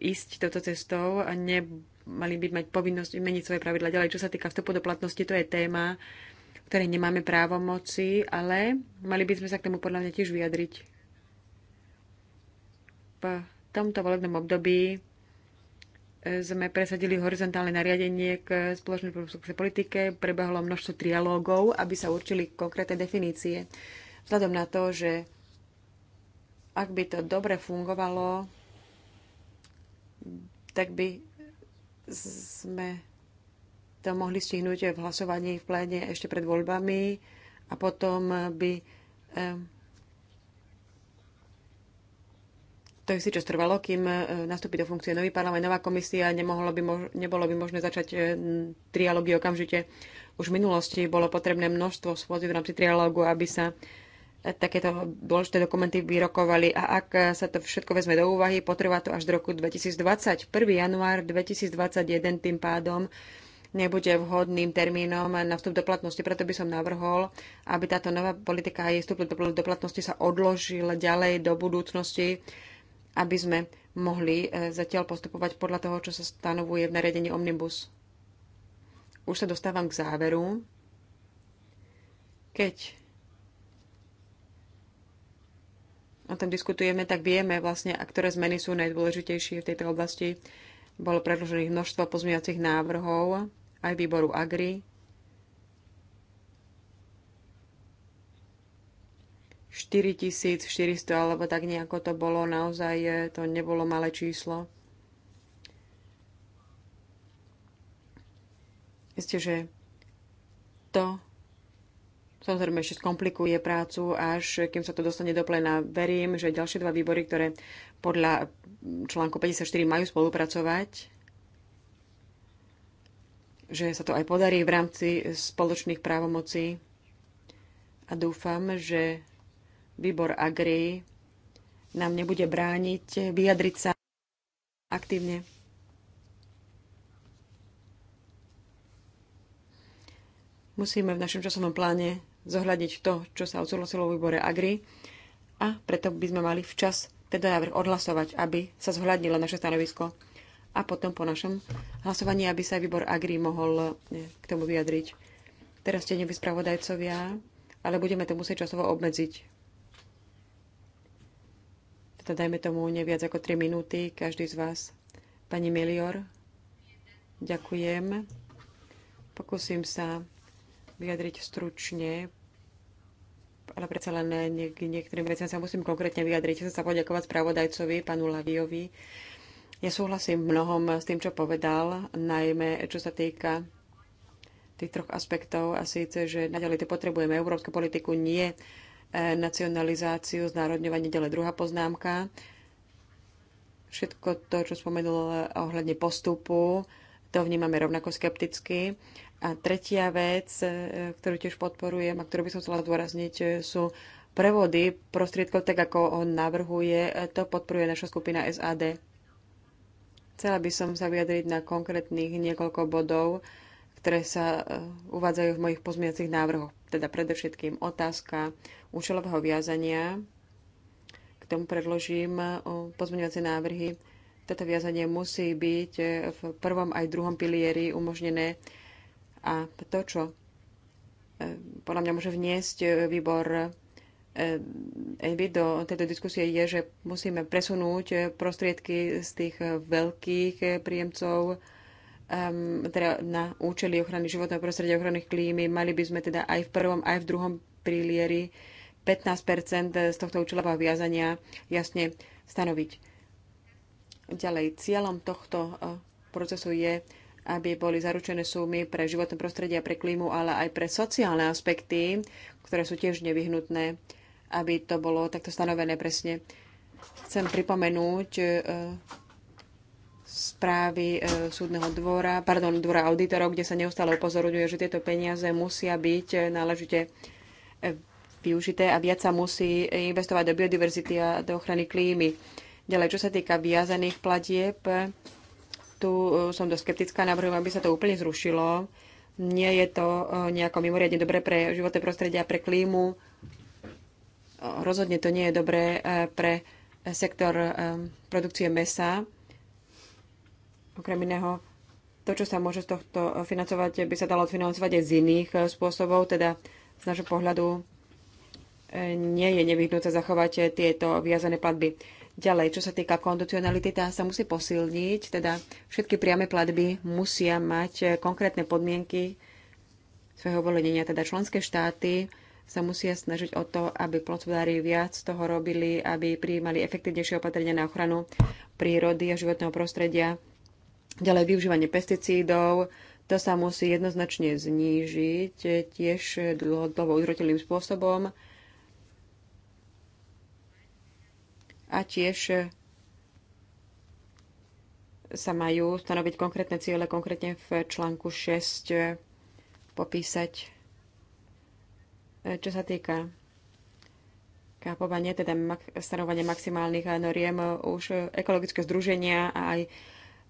ísť touto cestou a nemali by mať povinnosť meniť svoje pravidla ďalej. Čo sa týka vstupu do platnosti, to je téma, ktoré nemáme právomoci, ale mali by sme sa k tomu podľa mňa tiež vyjadriť. V tomto volebnom období e, sme presadili horizontálne nariadenie k spoločnej prúmskej politike, prebehlo množstvo trialógov, aby sa určili konkrétne definície. Vzhľadom na to, že ak by to dobre fungovalo, tak by sme to mohli stihnúť v hlasovaní v pléne ešte pred voľbami a potom by to si čo trvalo, kým eh, nastúpi do funkcie nový parlament, nová komisia, nemohlo by mož- nebolo by možné začať eh, trialógy okamžite. Už v minulosti bolo potrebné množstvo schôdzi v rámci trialógu, aby sa eh, takéto dôležité dokumenty vyrokovali a ak sa to všetko vezme do úvahy, potrvá to až do roku 2020. 1. január 2021 tým pádom nebude vhodným termínom na vstup do platnosti. Preto by som navrhol, aby táto nová politika a jej vstup do platnosti sa odložila ďalej do budúcnosti, aby sme mohli e, zatiaľ postupovať podľa toho, čo sa stanovuje v nariadení Omnibus. Už sa dostávam k záveru. Keď o tom diskutujeme, tak vieme vlastne, a ktoré zmeny sú najdôležitejšie v tejto oblasti. Bolo predložených množstvo pozmeňovacích návrhov aj výboru Agri. ...4400 alebo tak nejako to bolo, naozaj to nebolo malé číslo. Isté, že to samozrejme ešte skomplikuje prácu, až kým sa to dostane do plena. Verím, že ďalšie dva výbory, ktoré podľa článku 54 majú spolupracovať, že sa to aj podarí v rámci spoločných právomocí a dúfam, že výbor Agri nám nebude brániť vyjadriť sa aktívne. Musíme v našom časovom pláne zohľadiť to, čo sa odsúhlasilo v výbore Agri a preto by sme mali včas teda návrh odhlasovať, aby sa zohľadnilo naše stanovisko a potom po našom hlasovaní, aby sa aj výbor Agri mohol e, k tomu vyjadriť. Teraz ste nevy spravodajcovia, ale budeme to musieť časovo obmedziť. Teda dajme tomu neviac ako 3 minúty, každý z vás. Pani Milior, ďakujem. Pokúsim sa vyjadriť stručne, ale predsa len niektorým veciam sa musím konkrétne vyjadriť. Chcem sa poďakovať spravodajcovi, panu Laviovi, ja súhlasím mnohom s tým, čo povedal, najmä čo sa týka tých troch aspektov a síce, že naďalej to potrebujeme európsku politiku, nie e, nacionalizáciu, znárodňovanie, ďalej druhá poznámka. Všetko to, čo spomenul ohľadne postupu, to vnímame rovnako skepticky. A tretia vec, e, ktorú tiež podporujem a ktorú by som chcela zdôrazniť, e, sú prevody prostriedkov, tak ako on navrhuje, to podporuje naša skupina SAD. Chcela by som sa vyjadriť na konkrétnych niekoľko bodov, ktoré sa eh, uvádzajú v mojich pozmiacich návrhoch. Teda predovšetkým otázka účelového viazania. K tomu predložím eh, pozmeňovacie návrhy. Toto viazanie musí byť eh, v prvom aj druhom pilieri umožnené a to, čo podľa mňa môže vniesť výbor Envy do tejto diskusie je, že musíme presunúť prostriedky z tých veľkých príjemcov um, teda na účely ochrany životného prostredia, ochrany klímy. Mali by sme teda aj v prvom, aj v druhom prilieri 15 z tohto účelového viazania jasne stanoviť. Ďalej, cieľom tohto e, procesu je, aby boli zaručené sumy pre životné prostredie a pre klímu, ale aj pre sociálne aspekty, ktoré sú tiež nevyhnutné aby to bolo takto stanovené presne. Chcem pripomenúť e, správy e, súdneho dvora, pardon, dvora auditorov, kde sa neustále upozorňuje, že tieto peniaze musia byť e, náležite využité a viac sa musí investovať do biodiverzity a do ochrany klímy. Ďalej, čo sa týka viazaných platieb, tu som dosť skeptická, navrhujem, aby sa to úplne zrušilo. Nie je to nejako mimoriadne dobre pre životné prostredie a pre klímu. Rozhodne to nie je dobré eh, pre sektor eh, produkcie mesa. Okrem iného, to, čo sa môže z tohto financovať, by sa dalo odfinancovať aj z iných eh, spôsobov, teda z nášho pohľadu nie je nevyhnúce zachovať tieto viazané platby. Ďalej, čo sa týka kondicionality, tá sa musí posilniť, teda všetky priame platby musia mať konkrétne podmienky svojho volenia, teda členské štáty sa musia snažiť o to, aby plotvodári viac toho robili, aby prijímali efektívnejšie opatrenia na ochranu prírody a životného prostredia. Ďalej využívanie pesticídov, to sa musí jednoznačne znížiť e, tiež dlhodobo udrotilým spôsobom. A tiež e, sa majú stanoviť konkrétne ciele, konkrétne v článku 6 e, popísať E, čo sa týka kápovania, teda stanovania maximálnych noriem, e, už ekologické združenia a aj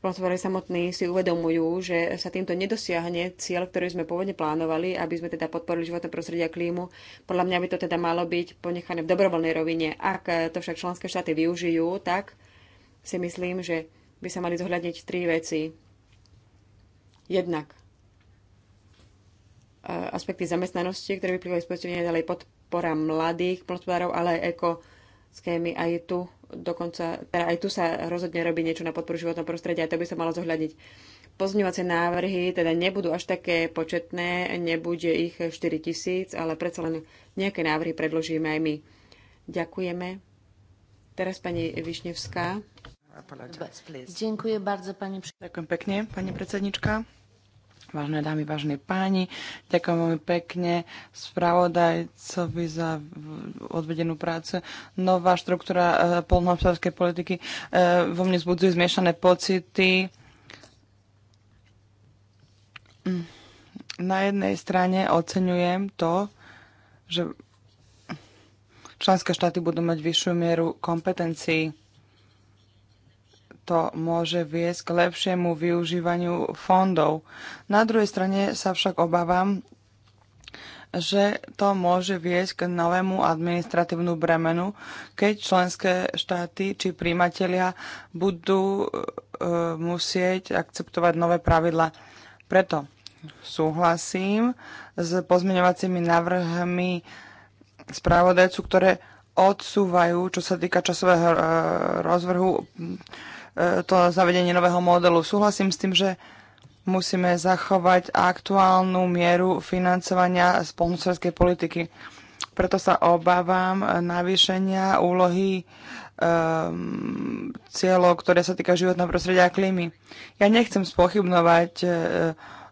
platformy samotní si uvedomujú, že sa týmto nedosiahne cieľ, ktorý sme pôvodne plánovali, aby sme teda podporili životné prostredie a klímu. Podľa mňa by to teda malo byť ponechané v dobrovoľnej rovine. Ak to však členské štáty využijú, tak si myslím, že by sa mali zohľadniť tri veci. Jednak aspekty zamestnanosti, ktoré vyplývajú z poistenia ďalej podpora mladých plnospodárov, ale eko schémy aj tu dokonca, teda aj tu sa rozhodne robí niečo na podporu životného prostredia, aj to by sa malo zohľadiť. Pozňovacie návrhy teda nebudú až také početné, nebude ich 4 tisíc, ale predsa len nejaké návrhy predložíme aj my. Ďakujeme. Teraz pani Višnevská. Ďakujem bardzo, pani... Ďakujem pekne, pani predsednička. Vážené dámy, vážení páni, ďakujem veľmi pekne spravodajcovi za odvedenú prácu. Nová štruktúra e, polnohospodárskej politiky e, vo mne zbudzuje zmiešané pocity. Na jednej strane oceňujem to, že členské štáty budú mať vyššiu mieru kompetencií to môže viesť k lepšiemu využívaniu fondov. Na druhej strane sa však obávam, že to môže viesť k novému administratívnu bremenu, keď členské štáty či príjmatelia budú e, musieť akceptovať nové pravidla. Preto súhlasím s pozmeňovacími návrhmi spravodajcu, ktoré odsúvajú, čo sa týka časového e, rozvrhu, E, to zavedenie nového modelu. Súhlasím s tým, že musíme zachovať aktuálnu mieru financovania sponsorskej politiky. Preto sa obávam navýšenia úlohy um, cieľov, ktoré sa týka životného prostredia a klímy. Ja nechcem spochybnovať uh,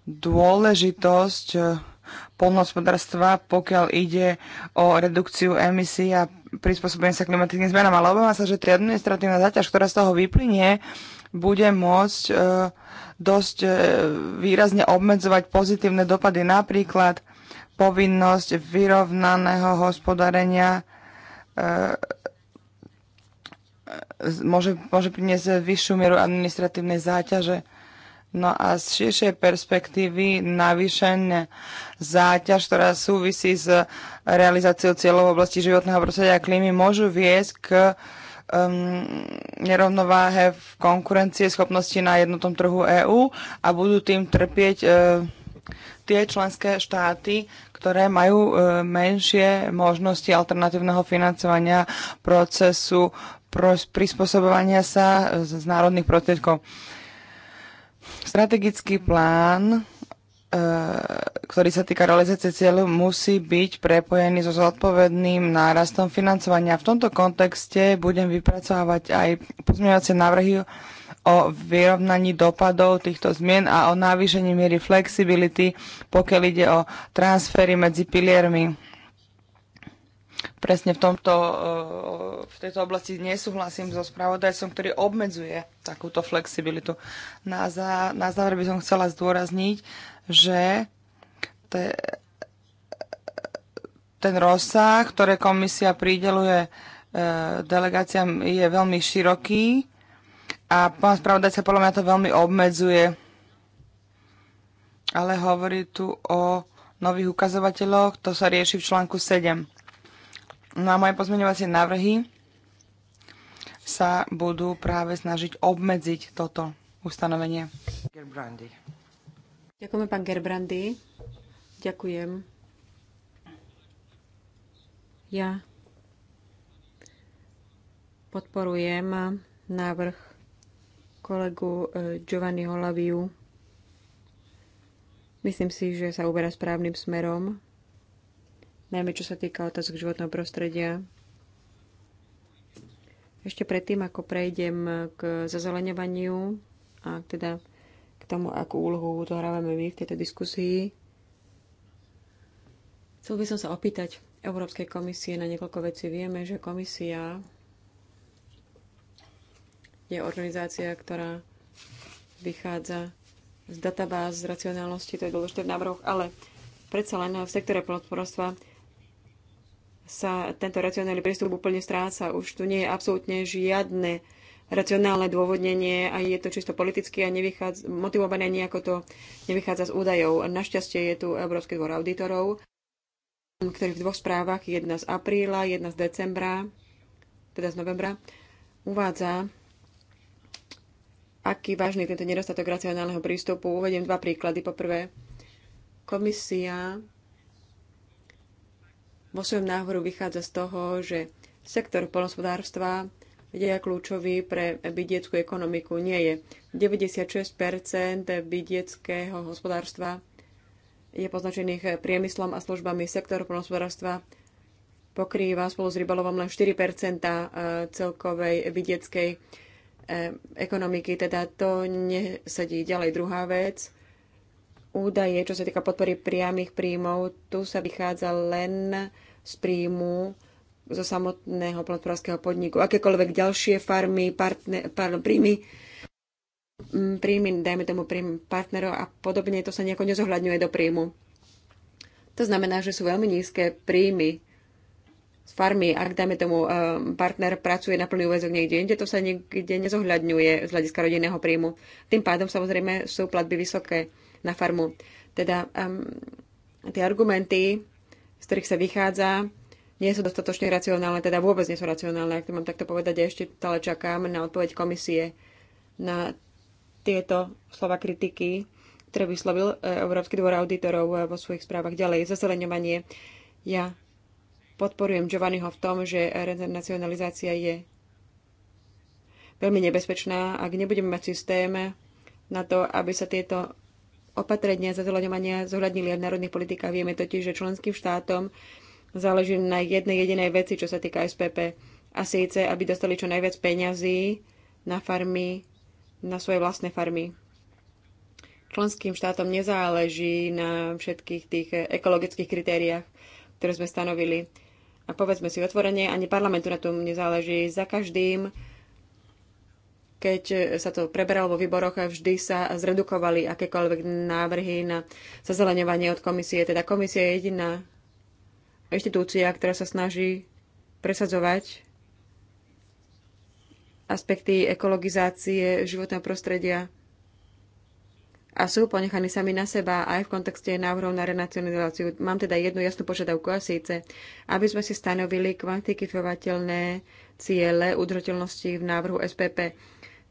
dôležitosť uh, e, polnohospodárstva, pokiaľ ide o redukciu emisí a prispôsobenie sa klimatickým zmenám, ale obávam sa, že tá administratívna záťaž, ktorá z toho vyplynie, bude môcť e, dosť e, výrazne obmedzovať pozitívne dopady, napríklad povinnosť vyrovnaného hospodárenia e, e môže, môže priniesť vyššiu mieru administratívnej záťaže. E, No a z širšej perspektívy navýšenie záťaž, ktorá súvisí s realizáciou cieľov v oblasti životného prostredia a klímy, môžu viesť k um, nerovnováhe v konkurencie schopnosti na jednotnom trhu EÚ a budú tým trpieť uh, tie členské štáty, ktoré majú uh, menšie možnosti alternatívneho financovania procesu prispôsobovania sa z, z národných prostriedkov. Uh, Strategický plán, e, ktorý sa týka realizácie cieľov, musí byť prepojený so zodpovedným nárastom financovania. V tomto kontexte budem vypracovať aj pozmeňovacie návrhy o vyrovnaní dopadov týchto zmien a o návyšení miery flexibility, pokiaľ ide o transfery medzi piliermi presne v, tomto, eh, v tejto oblasti nesúhlasím so spravodajcom, ktorý obmedzuje takúto flexibilitu. Na, zá, na záver by som chcela zdôrazniť, že te, ten rozsah, ktoré komisia prideluje eh, delegáciám, je veľmi široký a pán spravodajca podľa mňa to veľmi obmedzuje. Ale hovorí tu o nových ukazovateľoch, to sa rieši v článku 7. No a moje pozmeňovacie návrhy sa budú práve snažiť obmedziť toto ustanovenie. Gerbrandy. Ďakujeme, pán Gerbrandy. Ďakujem. Ja podporujem návrh kolegu e, Giovanni Holaviu. Myslím si, že sa uberá správnym smerom najmä čo sa týka otázok životného prostredia. Ešte predtým, ako prejdem k zazeleňovaniu a teda k tomu, akú úlohu zohrávame my v tejto diskusii, chcel by som sa opýtať Európskej komisie na niekoľko vecí. Vieme, že komisia je organizácia, ktorá vychádza z databáz, z racionálnosti, to je dôležité v návrhoch, ale predsa len v sektore plnospodárstva sa tento racionálny prístup úplne stráca. Už tu nie je absolútne žiadne racionálne dôvodnenie a je to čisto politické a nevychádza, motivované nejako to nevychádza z údajov. Našťastie je tu Európsky dvor auditorov, ktorý v dvoch správach, jedna z apríla, jedna z decembra, teda z novembra, uvádza, aký vážny tento nedostatok racionálneho prístupu. Uvediem dva príklady. Poprvé, komisia vo svojom návrhu vychádza z toho, že sektor polnospodárstva je kľúčový pre bydieckú ekonomiku. Nie je. 96 bydieckého hospodárstva je poznačených priemyslom a službami. Sektor polnospodárstva pokrýva spolu s rybalovom len 4 eh, celkovej vidieckej eh, ekonomiky. Teda to nesedí ďalej. Druhá vec, údaje, čo sa týka podpory priamých príjmov, tu sa vychádza len z príjmu zo samotného plotvorského podniku. Akékoľvek ďalšie farmy, partne, pardon, príjmy, mm, príjmy, dajme tomu príjmy partnerov a podobne, to sa nejako nezohľadňuje do príjmu. To znamená, že sú veľmi nízke príjmy z farmy, ak dajme tomu eh, partner pracuje na plný úvezok niekde inde, to sa nikde nezohľadňuje z hľadiska rodinného príjmu. Tým pádom samozrejme sú platby vysoké na farmu. Teda um, tie argumenty, z ktorých sa vychádza, nie sú dostatočne racionálne, teda vôbec nie sú racionálne, ak to mám takto povedať. Ja ešte stále čakám na odpoveď komisie na tieto slova kritiky, ktoré vyslovil e, Európsky dvor auditorov e, vo svojich správach ďalej. Zazeleňovanie. Ja podporujem Giovanniho v tom, že renacionalizácia je veľmi nebezpečná, ak nebudeme mať systém na to, aby sa tieto opatrenia zazeleňovania zohľadnili aj v národných politikách. Vieme totiž, že členským štátom záleží na jednej jedinej veci, čo sa týka SPP. A síce, aby dostali čo najviac peňazí na farmy, na svoje vlastné farmy. Členským štátom nezáleží na všetkých tých ekologických kritériách, ktoré sme stanovili. A povedzme si otvorene, ani parlamentu na tom nezáleží. Za každým keď sa to preberalo vo výboroch, vždy sa zredukovali akékoľvek návrhy na zazeleňovanie od komisie. Teda komisia je jediná inštitúcia, ktorá sa snaží presadzovať aspekty ekologizácie životného prostredia a sú ponechaní sami na seba aj v kontexte návrhov na renacionalizáciu. Mám teda jednu jasnú požiadavku a síce, aby sme si stanovili kvantifikovateľné ciele udržateľnosti v návrhu SPP.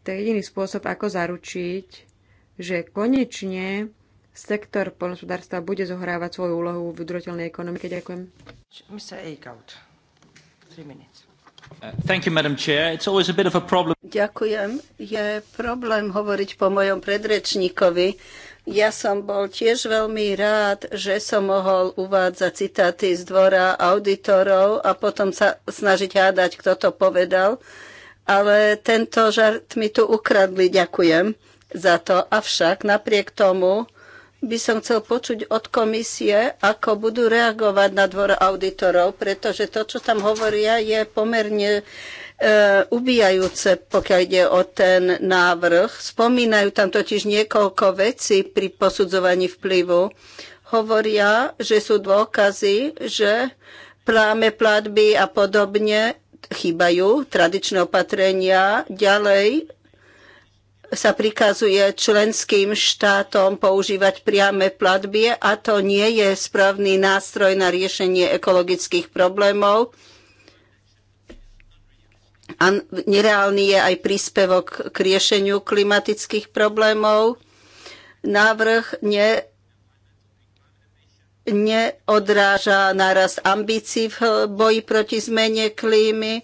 To je jediný spôsob, ako zaručiť, že konečne sektor poľnohospodárstva bude zohrávať svoju úlohu v udržateľnej ekonomike. Ďakujem. Mr. Uh, Ďakujem. Je problém hovoriť po mojom predrečníkovi. Ja som bol tiež veľmi rád, že som mohol uvádzať citáty z dvora auditorov a potom sa snažiť hádať, kto to povedal ale tento žart mi tu ukradli, ďakujem za to. Avšak napriek tomu by som chcel počuť od komisie, ako budú reagovať na dvor auditorov, pretože to, čo tam hovoria, je pomerne e, ubijajúce, pokiaľ ide o ten návrh. Spomínajú tam totiž niekoľko vecí pri posudzovaní vplyvu. Hovoria, že sú dôkazy, že pláme platby a podobne chýbajú, tradičné opatrenia. Ďalej sa prikazuje členským štátom používať priame platby a to nie je správny nástroj na riešenie ekologických problémov. A nereálny je aj príspevok k riešeniu klimatických problémov. Návrh ne neodráža nárast ambícií v boji proti zmene klímy.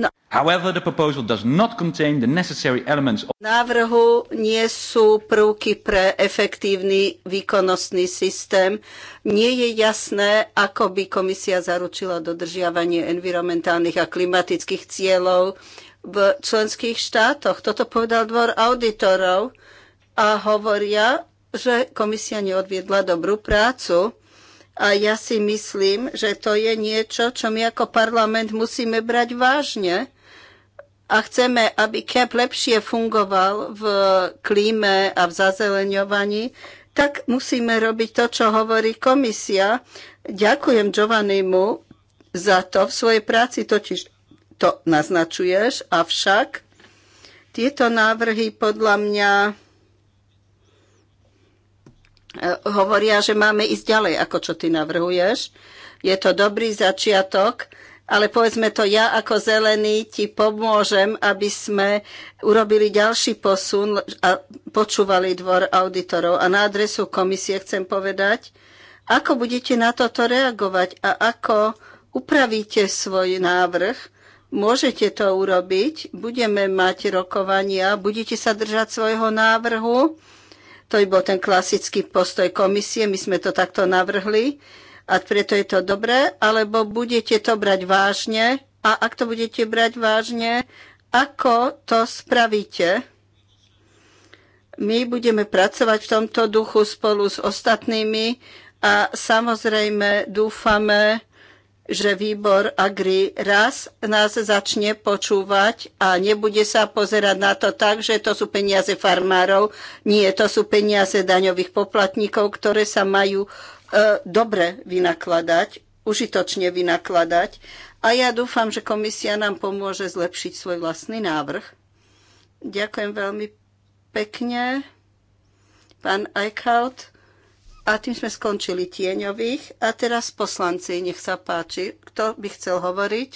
No. However, the proposal does not contain the necessary elements of... návrhu nie sú prvky pre efektívny výkonnostný systém. Nie je jasné, ako by komisia zaručila dodržiavanie environmentálnych a klimatických cieľov v členských štátoch. Toto povedal dvor auditorov a hovoria, že komisia neodviedla dobrú prácu. A ja si myslím, že to je niečo, čo my ako parlament musíme brať vážne a chceme, aby CAP lepšie fungoval v klíme a v zazeleňovaní, tak musíme robiť to, čo hovorí komisia. Ďakujem Giovannimu za to. V svojej práci totiž to naznačuješ, avšak tieto návrhy podľa mňa E, hovoria, že máme ísť ďalej, ako čo ty navrhuješ. Je to dobrý začiatok, ale povedzme to, ja ako zelený ti pomôžem, aby sme urobili ďalší posun a počúvali dvor auditorov. A na adresu komisie chcem povedať, ako budete na toto reagovať a ako upravíte svoj návrh. Môžete to urobiť, budeme mať rokovania, budete sa držať svojho návrhu to je bol ten klasický postoj komisie, my sme to takto navrhli a preto je to dobré, alebo budete to brať vážne a ak to budete brať vážne, ako to spravíte? My budeme pracovať v tomto duchu spolu s ostatnými a samozrejme dúfame, že výbor Agri raz nás začne počúvať a nebude sa pozerať na to tak, že to sú peniaze farmárov. Nie, to sú peniaze daňových poplatníkov, ktoré sa majú e, dobre vynakladať, užitočne vynakladať. A ja dúfam, že komisia nám pomôže zlepšiť svoj vlastný návrh. Ďakujem veľmi pekne. Pán Eichhout. A tým sme skončili tieňových. A teraz poslanci, nech sa páči. Kto by chcel hovoriť?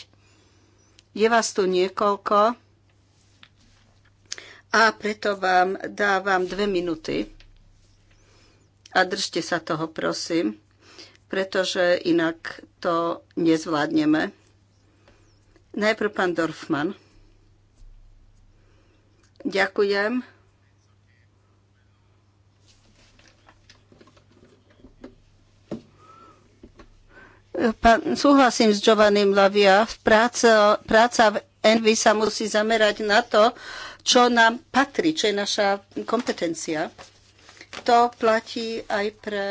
Je vás tu niekoľko. A preto vám dávam dve minúty. A držte sa toho, prosím, pretože inak to nezvládneme. Najprv pán Dorfman. Ďakujem. Pán, súhlasím s Giovannim Lavia. Práca, práca v Envy sa musí zamerať na to, čo nám patrí, čo je naša kompetencia. To platí aj pre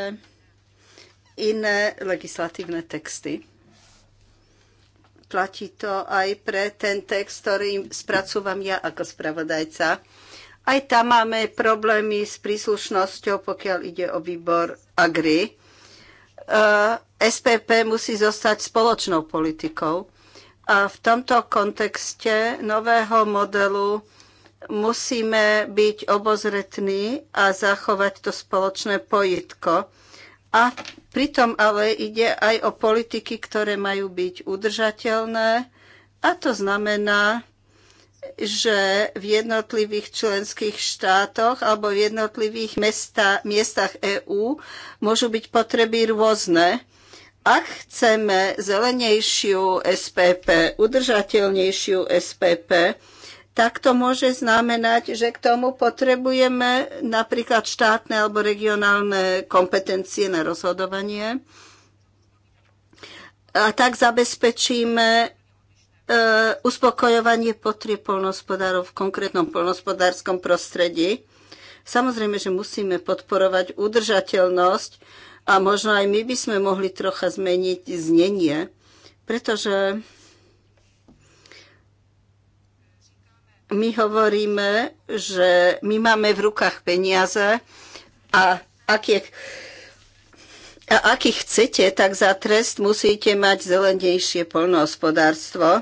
iné legislatívne texty. Platí to aj pre ten text, ktorý spracúvam ja ako spravodajca. Aj tam máme problémy s príslušnosťou, pokiaľ ide o výbor Agri. Uh, SPP musí zostať spoločnou politikou. A v tomto kontexte nového modelu musíme byť obozretní a zachovať to spoločné pojitko. A pritom ale ide aj o politiky, ktoré majú byť udržateľné. A to znamená, že v jednotlivých členských štátoch alebo v jednotlivých mesta, miestach EÚ môžu byť potreby rôzne ak chceme zelenejšiu SPP, udržateľnejšiu SPP, tak to môže znamenať, že k tomu potrebujeme napríklad štátne alebo regionálne kompetencie na rozhodovanie. A tak zabezpečíme e, uspokojovanie potrieb polnospodárov v konkrétnom polnospodárskom prostredí. Samozrejme, že musíme podporovať udržateľnosť, a možno aj my by sme mohli trocha zmeniť znenie, pretože my hovoríme, že my máme v rukách peniaze a ak je a ak ich chcete, tak za trest musíte mať zelenejšie polnohospodárstvo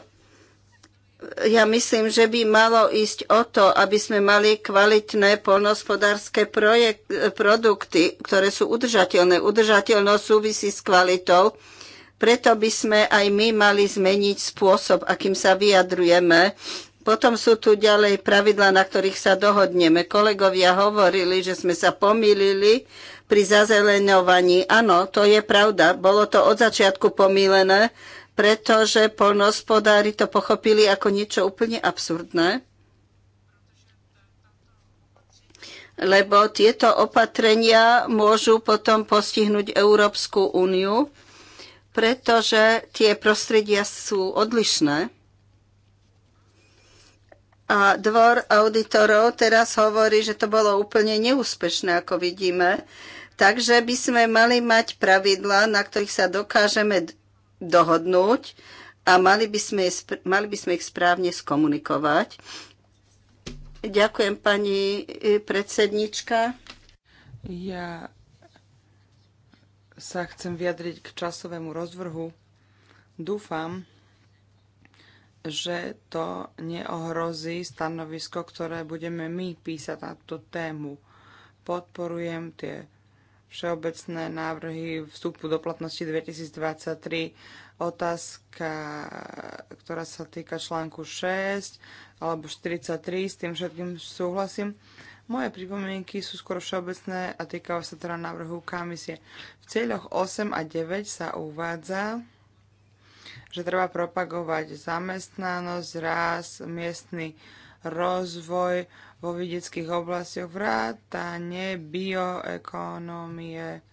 ja myslím, že by malo ísť o to, aby sme mali kvalitné polnospodárske projekt, produkty, ktoré sú udržateľné. Udržateľnosť súvisí s kvalitou, preto by sme aj my mali zmeniť spôsob, akým sa vyjadrujeme. Potom sú tu ďalej pravidla, na ktorých sa dohodneme. Kolegovia hovorili, že sme sa pomýlili pri zazeleňovaní. Áno, to je pravda. Bolo to od začiatku pomílené, pretože polnohospodári to pochopili ako niečo úplne absurdné, lebo tieto opatrenia môžu potom postihnúť Európsku úniu, pretože tie prostredia sú odlišné. A dvor auditorov teraz hovorí, že to bolo úplne neúspešné, ako vidíme. Takže by sme mali mať pravidla, na ktorých sa dokážeme dohodnúť a mali by sme, mali by sme ich správne skomunikovať. Ďakujem, pani e, predsednička. Ja sa chcem vyjadriť k časovému rozvrhu. Dúfam, že to neohrozí stanovisko, ktoré budeme my písať na tú tému. Podporujem tie všeobecné návrhy vstupu do platnosti 2023, otázka, ktorá sa týka článku 6 alebo 43, s tým všetkým súhlasím. Moje pripomienky sú skôr všeobecné a týkajú sa teda návrhu komisie. V cieľoch 8 a 9 sa uvádza, že treba propagovať zamestnanosť, rás, miestny rozvoj, vo vidieckých oblastiach vrátane bioekonomie.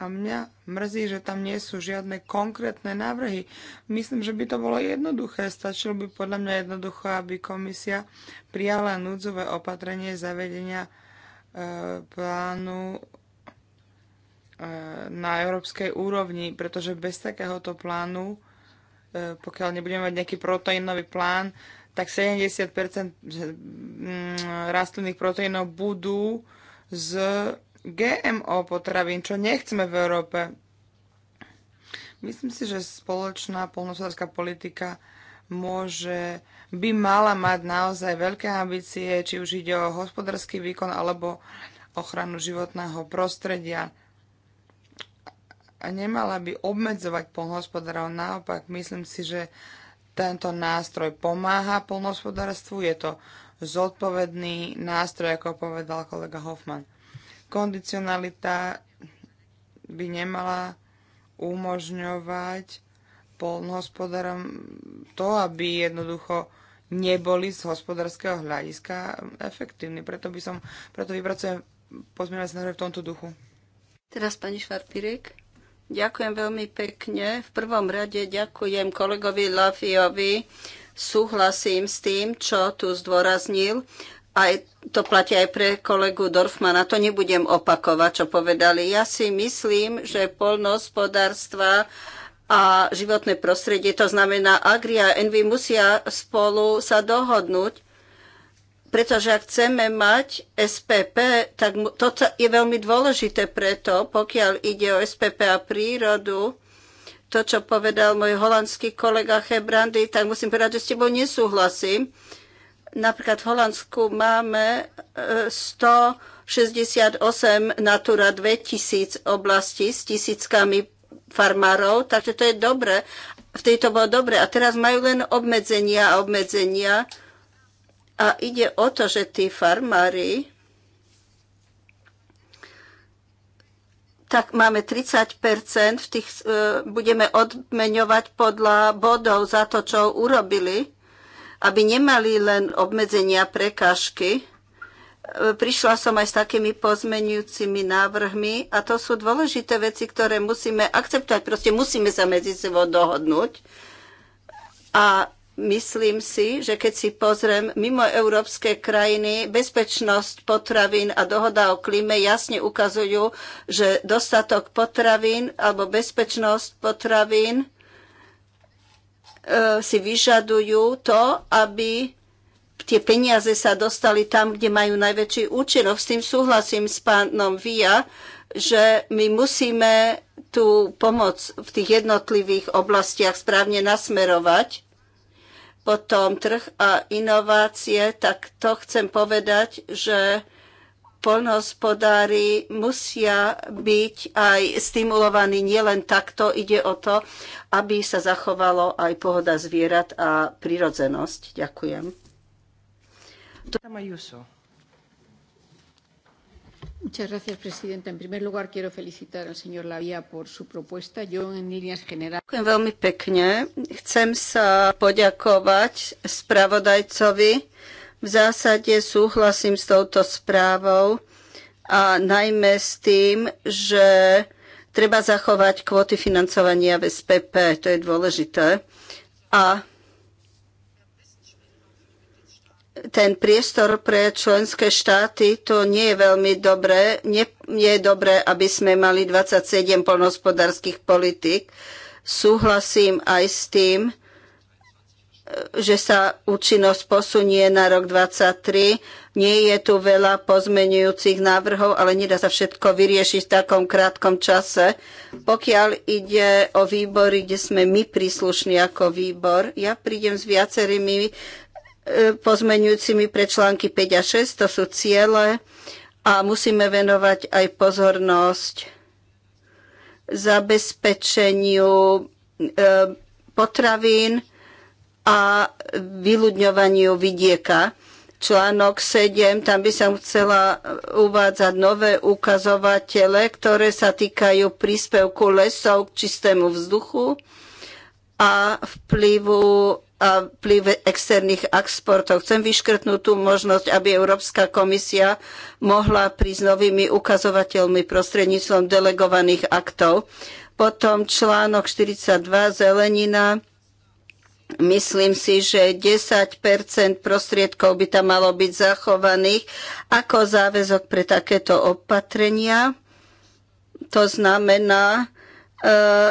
A mňa mrzí, že tam nie sú žiadne konkrétne návrhy. Myslím, že by to bolo jednoduché. Stačilo by podľa mňa jednoducho, aby komisia prijala núdzové opatrenie zavedenia e, plánu e, na európskej úrovni, pretože bez takéhoto plánu, e, pokiaľ nebudeme mať nejaký proteínový plán, e, tak 70 mm, rastlinných proteínov budú z GMO potravín, čo nechceme v Európe. Myslím si, že spoločná polnospodárska politika môže, by mala mať naozaj veľké ambície, či už ide o hospodársky výkon alebo ochranu životného prostredia. A nemala by obmedzovať polnohospodárov. Naopak, myslím si, že tento nástroj pomáha polnohospodárstvu, je to zodpovedný nástroj, ako povedal kolega Hoffman. Kondicionalita by nemala umožňovať polnohospodárom to, aby jednoducho neboli z hospodárskeho hľadiska efektívni. Preto by som, preto vypracujem pozmeňovací návrh v tomto duchu. Teraz pani Švarpirek. Ďakujem veľmi pekne. V prvom rade ďakujem kolegovi Lafiovi. Súhlasím s tým, čo tu zdôraznil. Aj to platí aj pre kolegu Dorfmana. To nebudem opakovať, čo povedali. Ja si myslím, že polnohospodárstva a životné prostredie, to znamená Agria a Envy, musia spolu sa dohodnúť pretože ak chceme mať SPP, tak to je veľmi dôležité preto, pokiaľ ide o SPP a prírodu, to, čo povedal môj holandský kolega Hebrandy, tak musím povedať, že s tebou nesúhlasím. Napríklad v Holandsku máme 168 e, Natura 2000 oblastí s tisíckami farmárov, takže to je dobre. V tejto bolo dobre. A teraz majú len obmedzenia a obmedzenia. A ide o to, že tí farmári, tak máme 30 v tých, e, budeme odmeňovať podľa bodov za to, čo urobili, aby nemali len obmedzenia prekážky. E, prišla som aj s takými pozmenujúcimi návrhmi a to sú dôležité veci, ktoré musíme akceptovať. Proste musíme sa medzi sebou dohodnúť. A Myslím si, že keď si pozriem mimo európske krajiny, bezpečnosť potravín a dohoda o klíme jasne ukazujú, že dostatok potravín alebo bezpečnosť potravín e, si vyžadujú to, aby tie peniaze sa dostali tam, kde majú najväčší účinok. S tým súhlasím s pánom Via, že my musíme tú pomoc v tých jednotlivých oblastiach správne nasmerovať potom trh a inovácie, tak to chcem povedať, že polnohospodári musia byť aj stimulovaní. Nielen takto ide o to, aby sa zachovalo aj pohoda zvierat a prirodzenosť. Ďakujem. Señora presidenta. En primer lugar quiero felicitar al señor Lavia por su propuesta. Yo en líneas generales... Ďakujem veľmi pekne. Chcem sa poďakovať spravodajcovi. V zásade súhlasím s touto správou a najmä s tým, že treba zachovať kvóty financovania v SPP. To je dôležité. A ten priestor pre členské štáty, to nie je veľmi dobré. Nie, nie je dobré, aby sme mali 27 polnohospodárských politik. Súhlasím aj s tým, e, že sa účinnosť posunie na rok 2023. Nie je tu veľa pozmenujúcich návrhov, ale nedá sa všetko vyriešiť v takom krátkom čase. Pokiaľ ide o výbory, kde sme my príslušní ako výbor, ja prídem s viacerými pozmeňujúcimi pre články 5 a 6, to sú ciele a musíme venovať aj pozornosť zabezpečeniu e, potravín a vyľudňovaniu vidieka. Článok 7, tam by som chcela uvádzať nové ukazovatele, ktoré sa týkajú príspevku lesov k čistému vzduchu a vplyvu a vplyv externých exportov. Chcem vyškrtnúť tú možnosť, aby Európska komisia mohla prísť novými ukazovateľmi prostredníctvom delegovaných aktov. Potom článok 42 zelenina. Myslím si, že 10 prostriedkov by tam malo byť zachovaných ako záväzok pre takéto opatrenia. To znamená, e,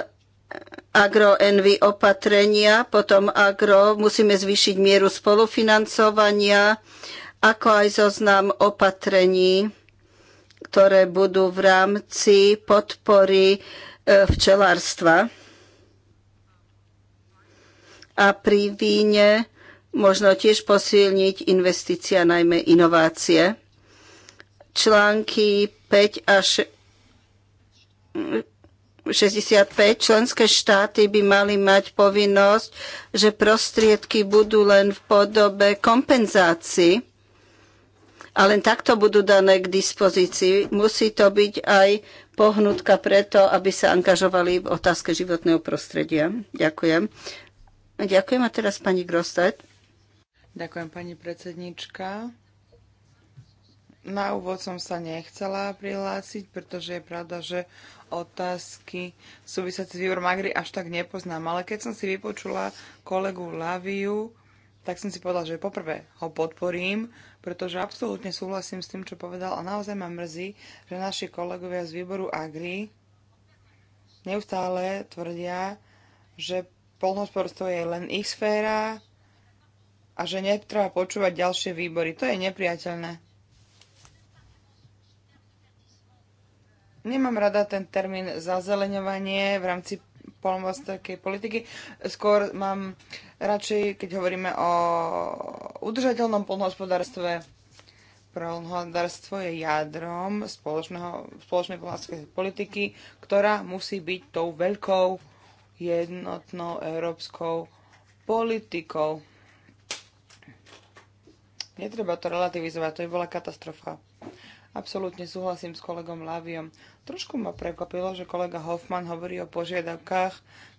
agroenvy opatrenia, potom agro, musíme zvýšiť mieru spolufinancovania, ako aj zoznam opatrení, ktoré budú v rámci podpory e, včelárstva. A pri víne možno tiež posilniť investícia, najmä inovácie. Články 5 až 65 členské štáty by mali mať povinnosť, že prostriedky budú len v podobe kompenzácií a len takto budú dané k dispozícii. Musí to byť aj pohnutka preto, aby sa angažovali v otázke životného prostredia. Ďakujem. Ďakujem a teraz pani Grostet. Ďakujem pani predsednička. Na úvod som sa nechcela prihlásiť, pretože je pravda, že otázky súvisiace s výborom Agri až tak nepoznám, ale keď som si vypočula kolegu Laviu, tak som si povedal, že poprvé ho podporím, pretože absolútne súhlasím s tým, čo povedal a naozaj ma mrzí, že naši kolegovia z výboru Agri neustále tvrdia, že polnohospodárstvo je len ich sféra a že netreba počúvať ďalšie výbory. To je nepriateľné. Nemám rada ten termín zazeleňovanie v rámci polnohospodárskej politiky. Skôr mám radšej, keď hovoríme o udržateľnom polnohospodárstve. Polnohospodárstvo je jadrom spoločnej polnohospodárskej politiky, ktorá musí byť tou veľkou jednotnou európskou politikou. Netreba to relativizovať, to by bola katastrofa. Absolútne súhlasím s kolegom Laviom. Trošku ma prekvapilo, že kolega Hoffman hovorí o požiadavkách,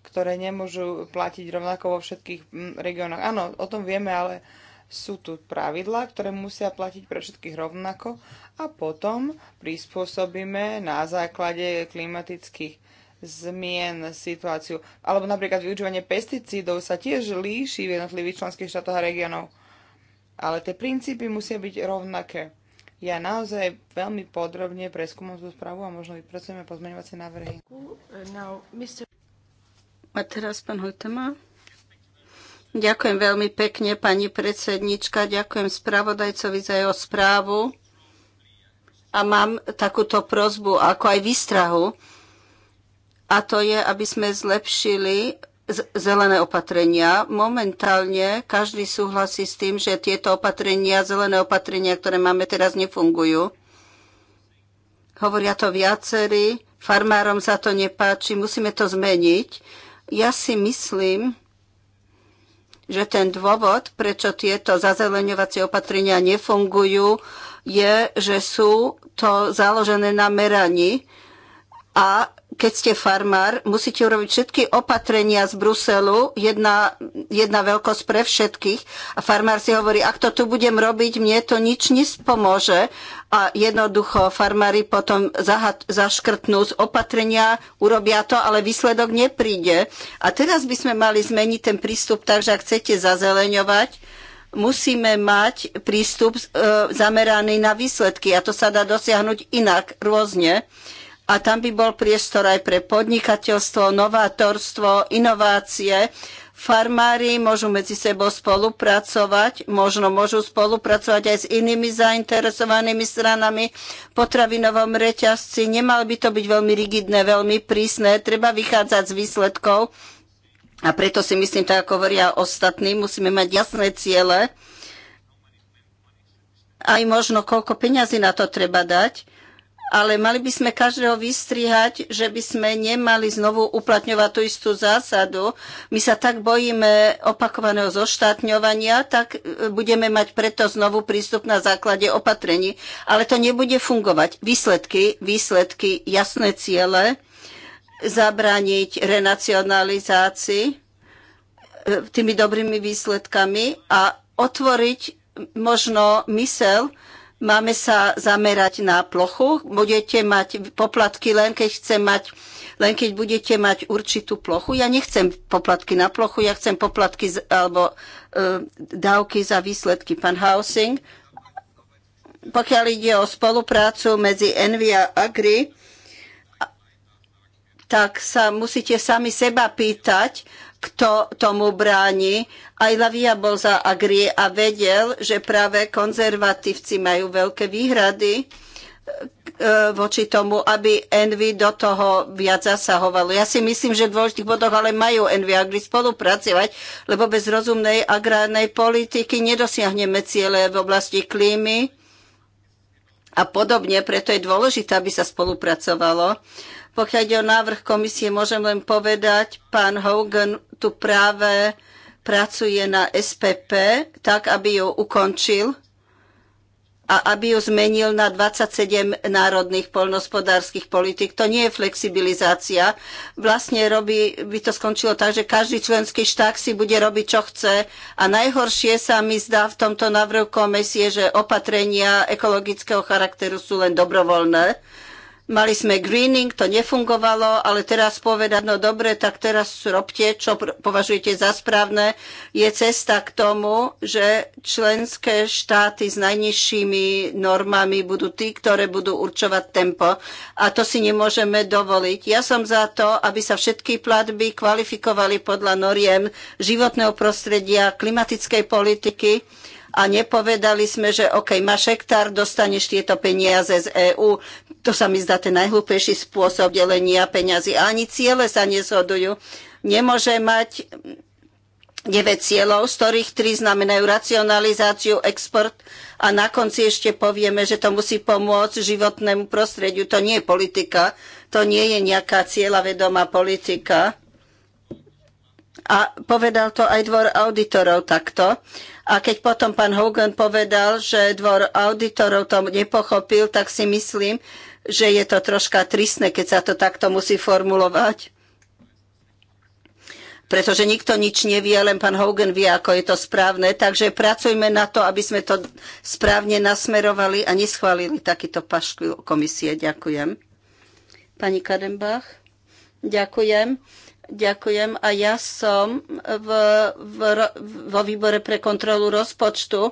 ktoré nemôžu platiť rovnako vo všetkých mm, regiónoch. Áno, o tom vieme, ale sú tu pravidlá, ktoré musia platiť pre všetkých rovnako a potom prispôsobíme na základe klimatických zmien situáciu. Alebo napríklad využívanie pesticídov sa tiež líši v jednotlivých členských štátoch a regiónov. Ale tie princípy musia byť rovnaké ja naozaj veľmi podrobne preskúmam tú správu a možno vypracujeme pozmeňovacie návrhy. A teraz pán Hojtema. Ďakujem veľmi pekne, pani predsednička. Ďakujem spravodajcovi za jeho správu. A mám takúto prozbu, ako aj výstrahu. A to je, aby sme zlepšili zelené opatrenia. Momentálne každý súhlasí s tým, že tieto opatrenia, zelené opatrenia, ktoré máme teraz, nefungujú. Hovoria to viacerí, farmárom sa to nepáči, musíme to zmeniť. Ja si myslím, že ten dôvod, prečo tieto zazeleňovacie opatrenia nefungujú, je, že sú to založené na meraní a keď ste farmár, musíte urobiť všetky opatrenia z Bruselu, jedna, jedna veľkosť pre všetkých. A farmár si hovorí, ak to tu budem robiť, mne to nič nespomôže. A jednoducho farmári potom zahat, zaškrtnú z opatrenia, urobia to, ale výsledok nepríde. A teraz by sme mali zmeniť ten prístup tak, že ak chcete zazeleňovať, musíme mať prístup e, zameraný na výsledky a to sa dá dosiahnuť inak, rôzne a tam by bol priestor aj pre podnikateľstvo, novátorstvo, inovácie. Farmári môžu medzi sebou spolupracovať, možno môžu spolupracovať aj s inými zainteresovanými stranami v potravinovom reťazci. Nemalo by to byť veľmi rigidné, veľmi prísne, treba vychádzať z výsledkov. A preto si myslím, tak ako hovoria ostatní, musíme mať jasné ciele, aj možno koľko peňazí na to treba dať ale mali by sme každého vystrihať, že by sme nemali znovu uplatňovať tú istú zásadu. My sa tak bojíme opakovaného zoštátňovania, tak e, budeme mať preto znovu prístup na základe opatrení. Ale to nebude fungovať. Výsledky, výsledky, jasné ciele, zabrániť renacionalizácii e, tými dobrými výsledkami a otvoriť možno mysel, Máme sa zamerať na plochu. Budete mať poplatky len keď chce mať len keď budete mať určitú plochu. Ja nechcem poplatky na plochu, ja chcem poplatky z, alebo e, dávky za výsledky. Pán Housing, pokiaľ ide o spoluprácu medzi Envy a Agri, tak sa musíte sami seba pýtať, kto tomu bráni. Aj Lavia bol za Agrie a vedel, že práve konzervatívci majú veľké výhrady eh, voči tomu, aby Envy do toho viac zasahovalo. Ja si myslím, že v dôležitých bodoch ale majú Envy a Agri spolupracovať, lebo bez rozumnej agrárnej politiky nedosiahneme ciele v oblasti klímy a podobne. Preto je dôležité, aby sa spolupracovalo. Uh, pokiaľ ide o návrh komisie, môžem len povedať, pán Hogan tu práve pracuje na SPP, tak aby ju ukončil a aby ju zmenil na 27 národných poľnohospodárskych politik. To nie je flexibilizácia. Vlastne robí, by to skončilo tak, že každý členský štát si bude robiť, čo chce. A najhoršie sa mi zdá v tomto návrhu komisie, že opatrenia ekologického charakteru sú len dobrovoľné Mali sme greening, to nefungovalo, ale teraz povedať, no dobre, tak teraz robte, čo považujete za správne, je cesta k tomu, že členské štáty s najnižšími normami budú tí, ktoré budú určovať tempo. A to si nemôžeme dovoliť. Ja som za to, aby sa všetky platby kvalifikovali podľa noriem životného prostredia, klimatickej politiky a nepovedali sme, že OK, máš hektár, dostaneš tieto peniaze z EÚ to sa mi zdá ten najhlúpejší spôsob delenia peňazí. A ani ciele sa nezhodujú. Nemôže mať 9 cieľov, z ktorých 3 znamenajú racionalizáciu, export a na konci ešte povieme, že to musí pomôcť životnému prostrediu. To nie je politika, to nie je nejaká cieľavedomá politika. A povedal to aj dvor auditorov takto. A keď potom pán Hogan povedal, že dvor auditorov to nepochopil, tak si myslím, že je to troška tristné, keď sa to takto musí formulovať. Pretože nikto nič nevie, len pán Hogan vie, ako je to správne. Takže pracujme na to, aby sme to správne nasmerovali a neschválili takýto pašku komisie. Ďakujem. Pani Kadenbach, ďakujem. Ďakujem. A ja som v, v, vo výbore pre kontrolu rozpočtu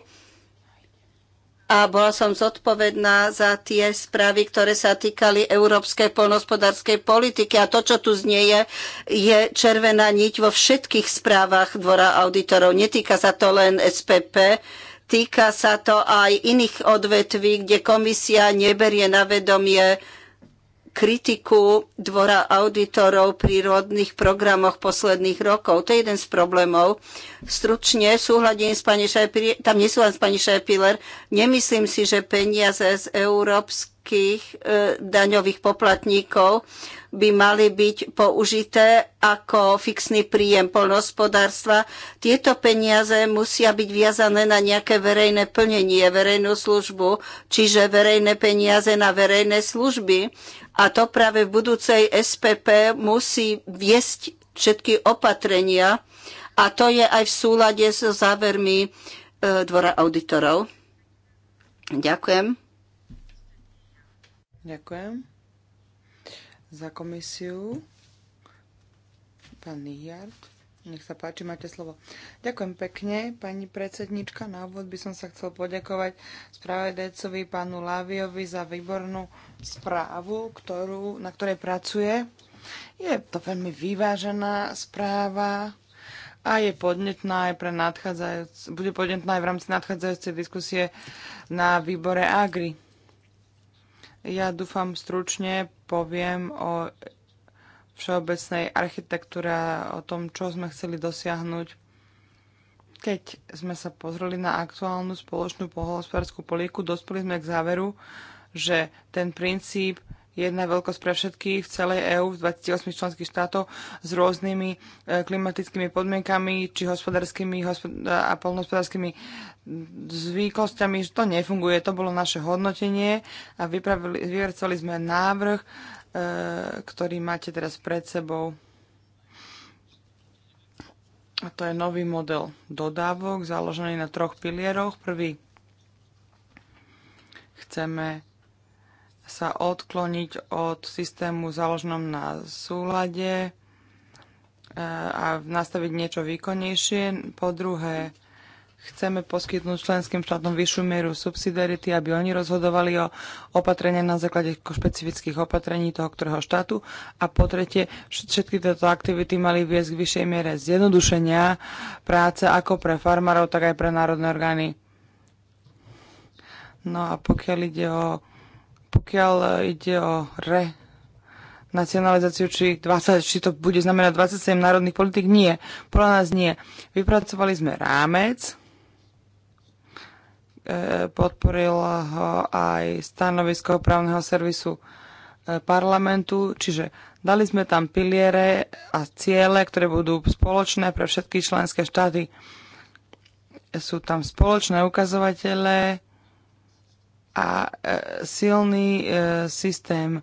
a bola som zodpovedná za tie správy, ktoré sa týkali európskej polnospodárskej politiky. A to, čo tu znie, je, je červená niť vo všetkých správach Dvora auditorov. Netýka sa to len SPP, týka sa to aj iných odvetví, kde komisia neberie na vedomie kritiku Dvora auditorov pri rôznych programoch posledných rokov. To je jeden z problémov. Stručne súhľadím s pani Šajpiller, tam nesúhľadím s pani nemyslím si, že peniaze z Európskej všetkých e, daňových poplatníkov by mali byť použité ako fixný príjem polnohospodárstva. Tieto peniaze musia byť viazané na nejaké verejné plnenie, verejnú službu, čiže verejné peniaze na verejné služby. A to práve v budúcej SPP musí viesť všetky opatrenia a to je aj v súlade so závermi e, Dvora auditorov. Ďakujem. Ďakujem. Za komisiu pán Nihard. Nech sa páči, máte slovo. Ďakujem pekne, pani predsednička. Na úvod by som sa chcel poďakovať spravedajcovi pánu Láviovi za výbornú správu, ktorú, na ktorej pracuje. Je to veľmi vyvážená správa a je podnetná aj pre nadchádzajúce, bude podnetná aj v rámci nadchádzajúcej diskusie na výbore Agri. Ja dúfam stručne poviem o všeobecnej architektúre, o tom, čo sme chceli dosiahnuť keď sme sa pozreli na aktuálnu spoločnú pohospodárskú politiku, dospeli sme k záveru, že ten princíp jedna veľkosť pre všetkých v celej EÚ v 28 členských štátov s rôznymi e, klimatickými podmienkami či hospodárskymi a polnohospodárskymi zvyklosťami, že to nefunguje. To bolo naše hodnotenie a vypracovali sme návrh, e, ktorý máte teraz pred sebou. A to je nový model dodávok založený na troch pilieroch. Prvý chceme sa odkloniť od systému založenom na súlade e, a nastaviť niečo výkonnejšie. Po druhé, chceme poskytnúť členským štátom vyššiu mieru subsidiarity, aby oni rozhodovali o opatrenia na základe špecifických opatrení toho ktorého štátu. A po tretie, všetky tieto aktivity mali viesť k vyššej miere zjednodušenia práce ako pre farmárov, tak aj pre národné orgány. No a pokiaľ ide o pokiaľ ide o re nacionalizáciu, či, 20, či to bude znamenať 27 národných politik, nie. Podľa nás nie. Vypracovali sme rámec, e, podporil ho aj stanovisko právneho servisu e, parlamentu, čiže dali sme tam piliere a ciele, ktoré budú spoločné pre všetky členské štáty. Sú tam spoločné ukazovatele, a e, silný e, systém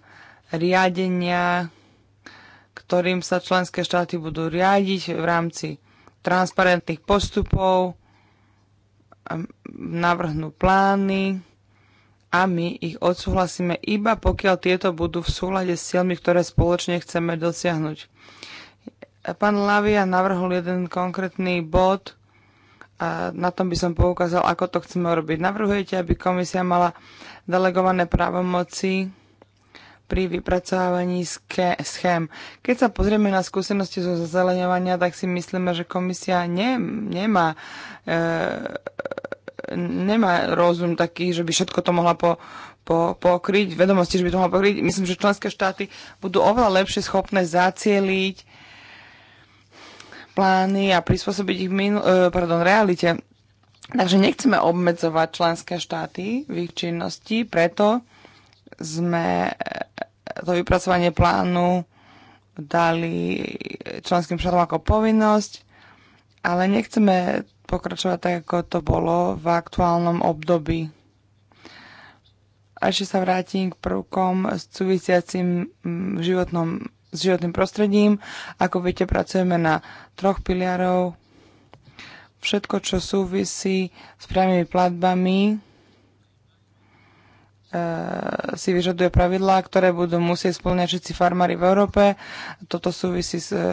riadenia, ktorým sa členské štáty budú riadiť v rámci transparentných postupov, navrhnú plány a my ich odsúhlasíme iba pokiaľ tieto budú v súlade s cieľmi, ktoré spoločne chceme dosiahnuť. Pán Lavia navrhol jeden konkrétny bod, a na tom by som poukázal, ako to chceme robiť. Navrhujete, aby komisia mala delegované právomoci pri vypracovávaní schém. Keď sa pozrieme na skúsenosti zo zazeleňovania, tak si myslíme, že komisia ne, nemá, e, nemá rozum taký, že by všetko to mohla po, po, pokryť, vedomosti, že by to mohla pokryť. Myslím, že členské štáty budú oveľa lepšie schopné zacieliť plány a prispôsobiť ich minu, e, pardon, realite. Takže nechceme obmedzovať členské štáty v ich činnosti, preto sme e, to vypracovanie plánu dali členským štátom ako povinnosť, ale nechceme pokračovať tak, ako to bolo v aktuálnom období. A ešte sa vrátim k prvkom súvisiacim v životnom s životným prostredím. Ako viete, pracujeme na troch piliarov. Všetko, čo súvisí s priamými platbami, e, si vyžaduje pravidlá, ktoré budú musieť splňať všetci farmári v Európe. Toto súvisí s, e,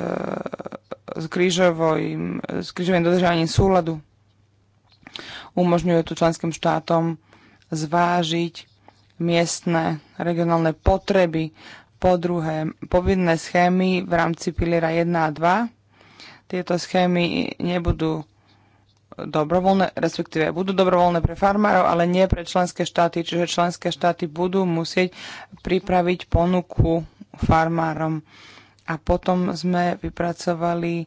s, krížovým, s krížovým dodržaním súladu. Umožňuje to členským štátom zvážiť miestne, regionálne potreby po druhé, povinné schémy v rámci piliera 1 a 2. Tieto schémy nebudú dobrovoľné, respektíve budú dobrovoľné pre farmárov, ale nie pre členské štáty. Čiže členské štáty budú musieť pripraviť ponuku farmárom. A potom sme vypracovali e,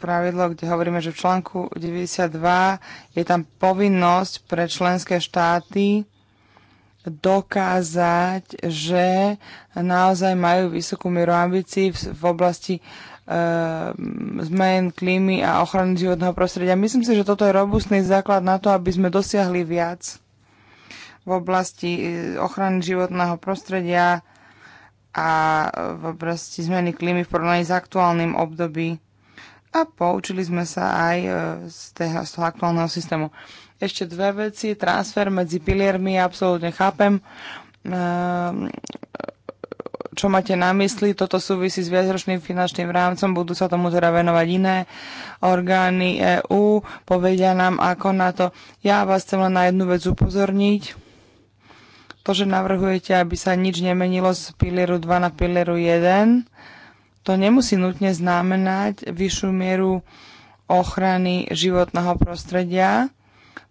pravidlo, kde hovoríme, že v článku 92 je tam povinnosť pre členské štáty dokázať, že naozaj majú vysokú mieru ambícií v oblasti eh, zmen klímy a ochrany životného prostredia. Myslím si, že toto je robustný základ na to, aby sme dosiahli viac v oblasti eh, ochrany životného prostredia a v oblasti zmeny klímy v porovnaní s aktuálnym období a poučili sme sa aj e, z, toho, z toho aktuálneho systému. Ešte dve veci. Transfer medzi piliermi absolútne chápem. Ehm, čo máte na mysli? Toto súvisí s viacročným finančným rámcom. Budú sa tomu teda venovať iné orgány EÚ. Povedia nám, ako na to. Ja vás chcem len na jednu vec upozorniť. To, že navrhujete, aby sa nič nemenilo z pilieru 2 na pilieru 1, to nemusí nutne znamenať vyššiu mieru ochrany životného prostredia,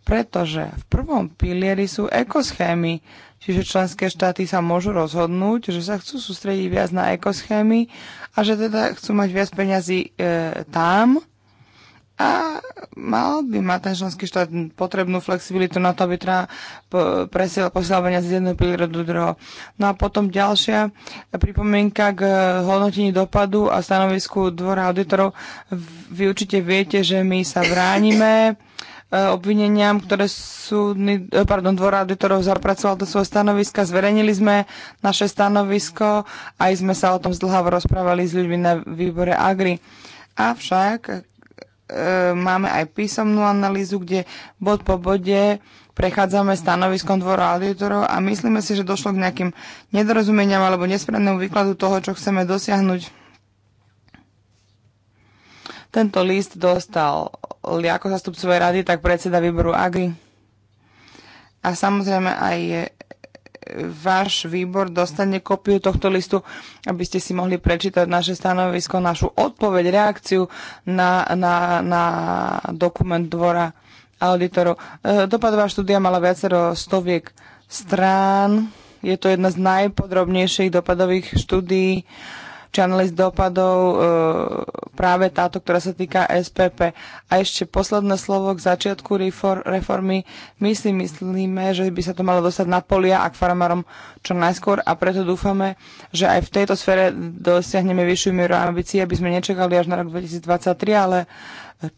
pretože v prvom pilieri sú ekoschémy, čiže členské štáty sa môžu rozhodnúť, že sa chcú sústrediť viac na ekoschémy a že teda chcú mať viac peňazí e, tam, a mal by mať ten členský štát potrebnú flexibilitu na to, aby teda presiel posielal z jedného pilíra do druhého. No a potom ďalšia pripomienka k hodnotení dopadu a stanovisku dvora auditorov. Vy určite viete, že my sa vránime e, obvineniam, ktoré sú e, pardon, dvor auditorov zapracoval do svojho stanoviska. Zverejnili sme naše stanovisko, aj sme sa o tom zdlhavo rozprávali s ľuďmi na výbore Agri. Avšak máme aj písomnú analýzu, kde bod po bode prechádzame stanoviskom dvora auditorov a myslíme si, že došlo k nejakým nedorozumeniam alebo nesprávnemu výkladu toho, čo chceme dosiahnuť. Tento list dostal ako zastupcovej rady, tak predseda výboru AGRI a samozrejme aj váš výbor dostane kopiu tohto listu, aby ste si mohli prečítať naše stanovisko, našu odpoveď, reakciu na, na, na dokument dvora auditorov. E, dopadová štúdia mala viacero stoviek strán. Je to jedna z najpodrobnejších dopadových štúdií či analýz dopadov e, práve táto, ktorá sa týka SPP. A ešte posledné slovo k začiatku reformy. My si myslíme, že by sa to malo dostať na polia a k farmárom čo najskôr a preto dúfame, že aj v tejto sfére dosiahneme vyššiu mieru ambícií, aby sme nečakali až na rok 2023, ale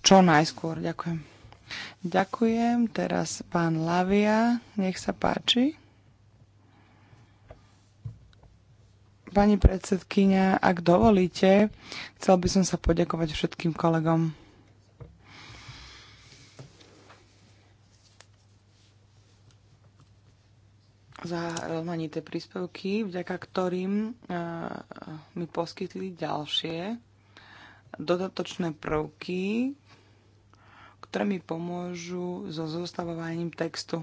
čo najskôr. Ďakujem. Ďakujem. Teraz pán Lavia, nech sa páči. Pani predsedkynia, ak dovolíte, chcel by som sa poďakovať všetkým kolegom. za rozmanité príspevky, vďaka ktorým e, mi poskytli ďalšie dodatočné prvky, ktoré mi pomôžu so zostavovaním textu.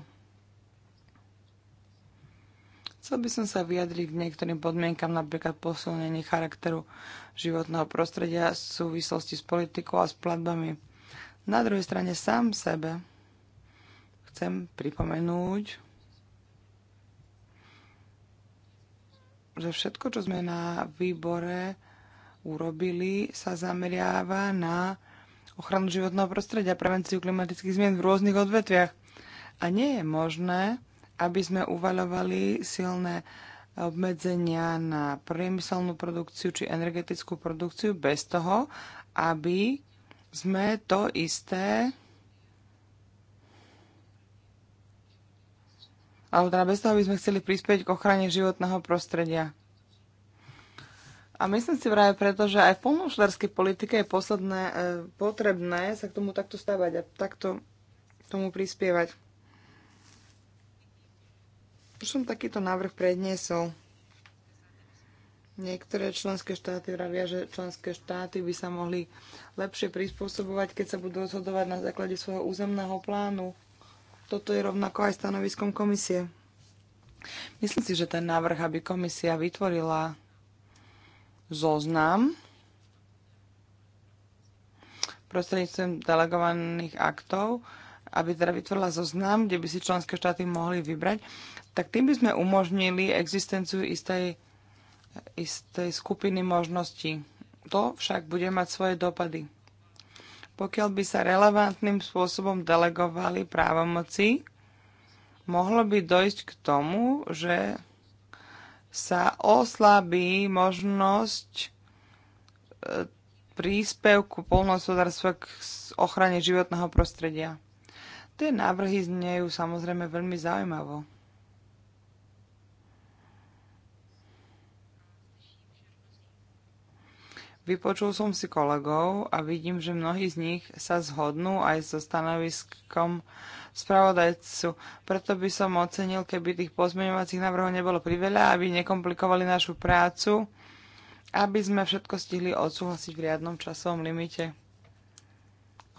Chcel by som sa vyjadriť k niektorým podmienkam, napríklad posilnenie charakteru životného prostredia v súvislosti s politikou a s platbami. Na druhej strane sám sebe chcem pripomenúť, že všetko, čo sme na výbore urobili, sa zameriava na ochranu životného prostredia, prevenciu klimatických zmien v rôznych odvetviach. A nie je možné aby sme uvaľovali silné obmedzenia na priemyselnú produkciu či energetickú produkciu bez toho, aby sme to isté alebo teda bez toho, aby sme chceli prispieť k ochrane životného prostredia. A myslím si vraj, preto, že aj v polnohospodárskej politike je posledné, e, potrebné sa k tomu takto stavať a takto k tomu prispievať. Už som takýto návrh predniesol. Niektoré členské štáty vravia, že členské štáty by sa mohli lepšie prispôsobovať, keď sa budú rozhodovať na základe svojho územného plánu. Toto je rovnako aj stanoviskom komisie. Myslím si, že ten návrh, aby komisia vytvorila zoznam prostredníctvom delegovaných aktov, aby teda vytvorila zoznam, kde by si členské štáty mohli vybrať, tak tým by sme umožnili existenciu istej, istej skupiny možností. To však bude mať svoje dopady. Pokiaľ by sa relevantným spôsobom delegovali právomoci, mohlo by dojsť k tomu, že sa oslabí možnosť e, príspevku polnohospodárstva k ochrane životného prostredia. Tie návrhy znejú samozrejme veľmi zaujímavo. Vypočul som si kolegov a vidím, že mnohí z nich sa zhodnú aj so stanoviskom spravodajcu. Preto by som ocenil, keby tých pozmeňovacích návrhov nebolo priveľa, aby nekomplikovali našu prácu, aby sme všetko stihli odsúhlasiť v riadnom časovom limite.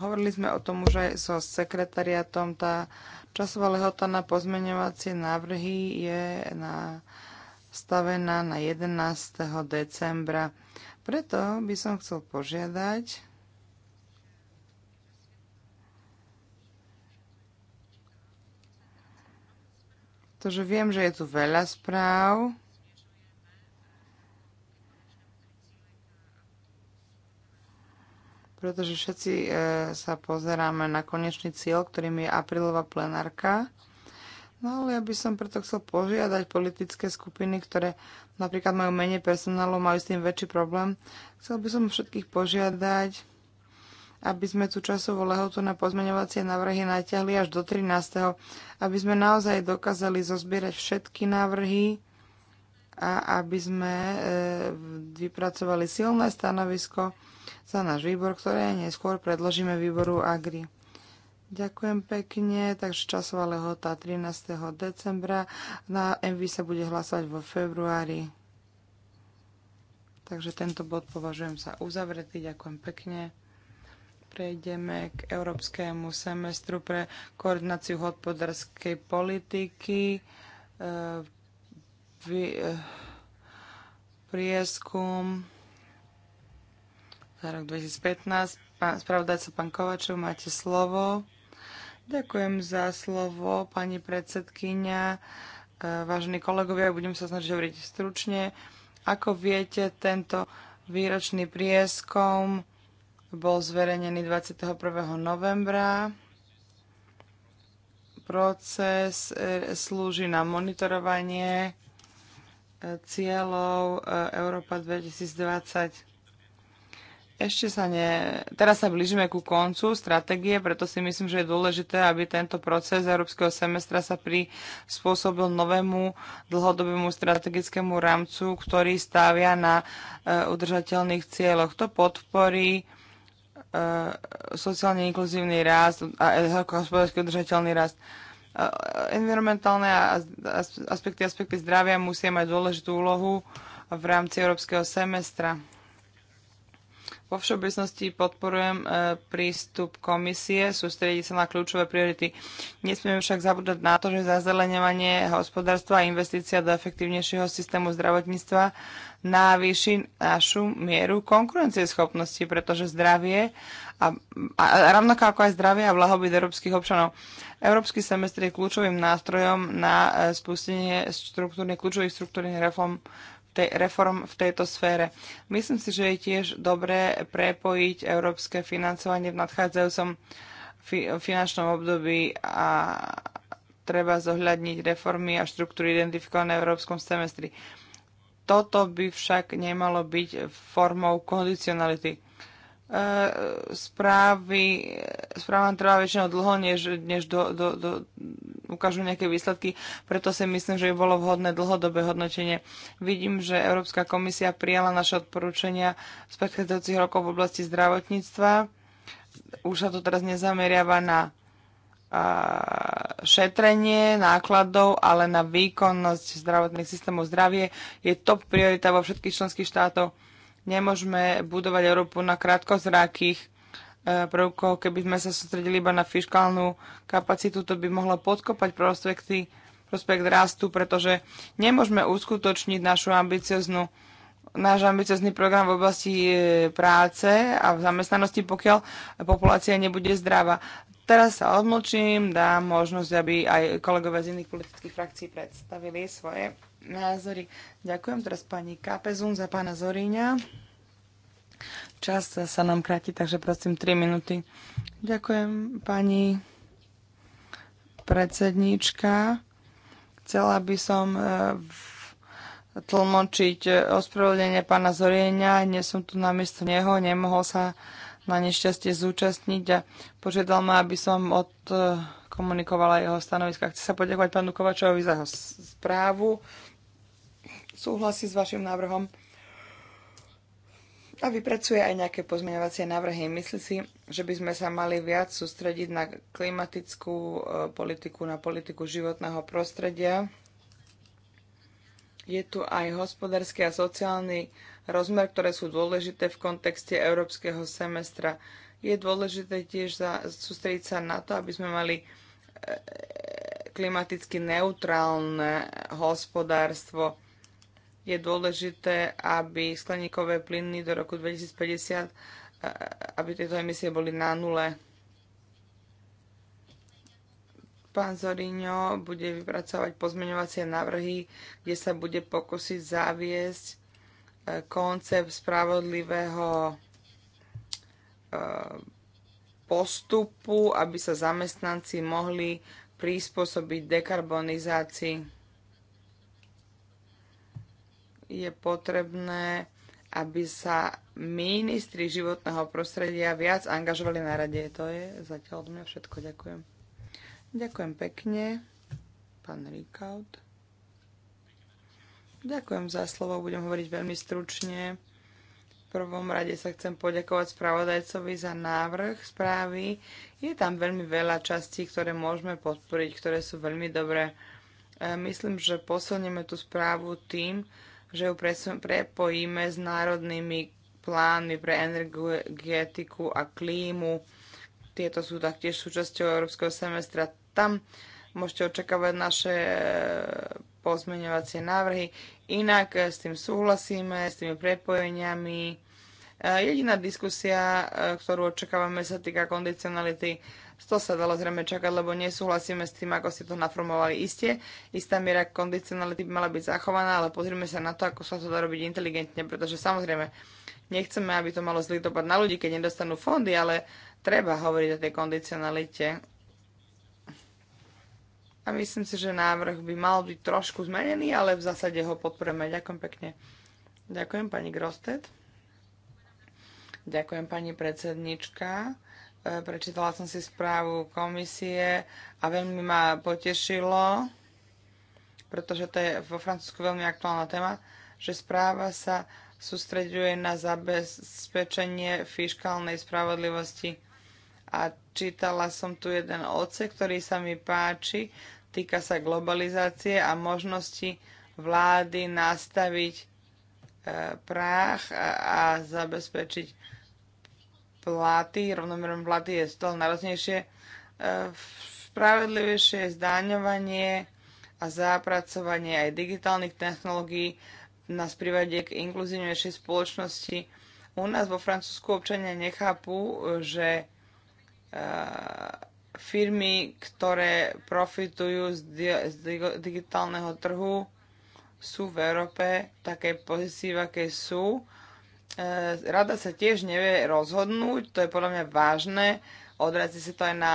Hovorili sme o tom už aj so sekretariatom. Tá časová lehota na pozmeňovacie návrhy je na stavená na 11. decembra. Preto by som chcel požiadať pretože viem, že je tu veľa správ. pretože všetci e, sa pozeráme na konečný cieľ, ktorým je aprílová plenárka. No ale ja by som preto chcel požiadať politické skupiny, ktoré napríklad majú menej personálu, majú s tým väčší problém. Chcel by som všetkých požiadať, aby sme tú časovú lehotu na pozmeňovacie návrhy natiahli až do 13. aby sme naozaj dokázali zozbierať všetky návrhy a aby sme e, vypracovali silné stanovisko za náš výbor, ktoré neskôr predložíme výboru Agri. Ďakujem pekne. Takže časová lehota 13. decembra. Na MV sa bude hlasovať vo februári. Takže tento bod považujem za uzavretý. Ďakujem pekne. Prejdeme k Európskemu semestru pre koordináciu hospodárskej politiky. E, e, prieskum za rok 2015. Spravodajca pán Kovačov, máte slovo. Ďakujem za slovo, pani predsedkynia. E, vážení kolegovia, budem sa snažiť hovoriť stručne. Ako viete, tento výročný prieskom bol zverejnený 21. novembra. Proces e, slúži na monitorovanie e, cieľov Európa 2020 ešte sa ne... Teraz sa blížime ku koncu stratégie, preto si myslím, že je dôležité, aby tento proces európskeho semestra sa prispôsobil novému dlhodobému strategickému rámcu, ktorý stavia na e, udržateľných cieľoch. To podporí e, sociálne inkluzívny rast a e, hospodársky udržateľný rast. E, environmentálne a, aspekty, aspekty zdravia musia mať dôležitú úlohu v rámci európskeho semestra. Vo všeobecnosti podporujem e, prístup komisie, sústrediť sa na kľúčové priority. Nesmieme však zabúdať na to, že zazeleňovanie hospodárstva a investícia do efektívnejšieho systému zdravotníctva navýši našu mieru konkurencieschopnosti, pretože zdravie a, a, a rovnako ako aj zdravie a blahobyt európskych občanov. Európsky semestr je kľúčovým nástrojom na e, spustenie štruktúrnych, kľúčových štruktúrnych reform reform v tejto sfére. Myslím si, že je tiež dobré prepojiť európske financovanie v nadchádzajúcom fi- finančnom období a treba zohľadniť reformy a štruktúry identifikované v európskom semestri. Toto by však nemalo byť formou kondicionality. E, správy, správam trvá väčšinou dlho, než, než do, do, do, ukážu nejaké výsledky, preto si myslím, že by bolo vhodné dlhodobé hodnotenie. Vidím, že Európska komisia prijala naše odporúčania z predchádzajúcich rokov v oblasti zdravotníctva. Už sa to teraz nezameriava na šetrenie nákladov, ale na výkonnosť zdravotných systémov zdravie je top priorita vo všetkých členských štátoch Nemôžeme budovať Európu na krátkozrakých e, prvkoch. Keby sme sa sústredili iba na fiskálnu kapacitu, to by mohlo podkopať prospekty, prospekt rastu, pretože nemôžeme uskutočniť našu ambicioznú náš ambiciozný program v oblasti e, práce a v zamestnanosti, pokiaľ populácia nebude zdravá. Teraz sa odmlčím, dám možnosť, aby aj kolegovia z iných politických frakcií predstavili svoje názory. Ďakujem teraz pani Kapezun za pána Zoríňa. Čas sa nám kráti, takže prosím 3 minúty. Ďakujem pani predsednička. Chcela by som e, v tlmočiť e, ospravedlenie pána Zorieňa. Dnes som tu namiesto neho, nemohol sa na nešťastie zúčastniť a požiadal ma, aby som odkomunikovala jeho stanoviska. Chcem sa poďakovať pánu Kovačovi za jeho správu. Súhlasí s vašim návrhom a vypracuje aj nejaké pozmeňovacie návrhy. Myslí si, že by sme sa mali viac sústrediť na klimatickú e, politiku, na politiku životného prostredia je tu aj hospodársky a sociálny rozmer, ktoré sú dôležité v kontexte európskeho semestra. Je dôležité tiež sústrediť sa na to, aby sme mali e, klimaticky neutrálne hospodárstvo. Je dôležité, aby skleníkové plyny do roku 2050, e, e, aby tieto emisie boli na nule Pán Zoriňo bude vypracovať pozmeňovacie návrhy, kde sa bude pokúsiť zaviesť e, koncept spravodlivého e, postupu, aby sa zamestnanci mohli prispôsobiť dekarbonizácii. Je potrebné, aby sa ministri životného prostredia viac angažovali na rade. To je zatiaľ od mňa všetko. Ďakujem. Ďakujem pekne, pán Rikaut. Ďakujem za slovo, budem hovoriť veľmi stručne. V prvom rade sa chcem poďakovať spravodajcovi za návrh správy. Je tam veľmi veľa častí, ktoré môžeme podporiť, ktoré sú veľmi dobré. E, myslím, že posilníme tú správu tým, že ju prepojíme s národnými plánmi pre energetiku a klímu. Tieto sú taktiež súčasťou Európskeho semestra tam môžete očakávať naše e, pozmeňovacie návrhy. Inak e, s tým súhlasíme, s tými prepojeniami. E, jediná diskusia, ktorú očakávame, sa týka kondicionality. To sa dalo zrejme čakať, lebo nesúhlasíme s tým, ako ste to naformovali iste. Istá miera kondicionality by mala byť zachovaná, ale pozrieme sa na to, ako sa to dá robiť inteligentne, pretože samozrejme nechceme, aby to malo zlý dopad na ľudí, keď nedostanú fondy, ale treba hovoriť o tej kondicionalite a myslím si, že návrh by mal byť trošku zmenený, ale v zásade ho podporujeme. Ďakujem pekne. Ďakujem pani Grosted. Ďakujem pani predsednička. E, prečítala som si správu komisie a veľmi ma potešilo, pretože to je vo Francúzsku veľmi aktuálna téma, že správa sa sústreďuje na zabezpečenie fiškálnej spravodlivosti a čítala som tu jeden odsek, ktorý sa mi páči týka sa globalizácie a možnosti vlády nastaviť e, práh a, zabezpečiť platy, rovnomerom platy je stále náročnejšie, e, spravedlivejšie zdaňovanie a zapracovanie aj digitálnych technológií nás privedie k inkluzívnejšej spoločnosti. U nás vo Francúzsku občania nechápu, že e, firmy, ktoré profitujú z, di- z digitálneho trhu, sú v Európe také pozície, aké sú. E, rada sa tiež nevie rozhodnúť, to je podľa mňa vážne, odrazí sa to aj na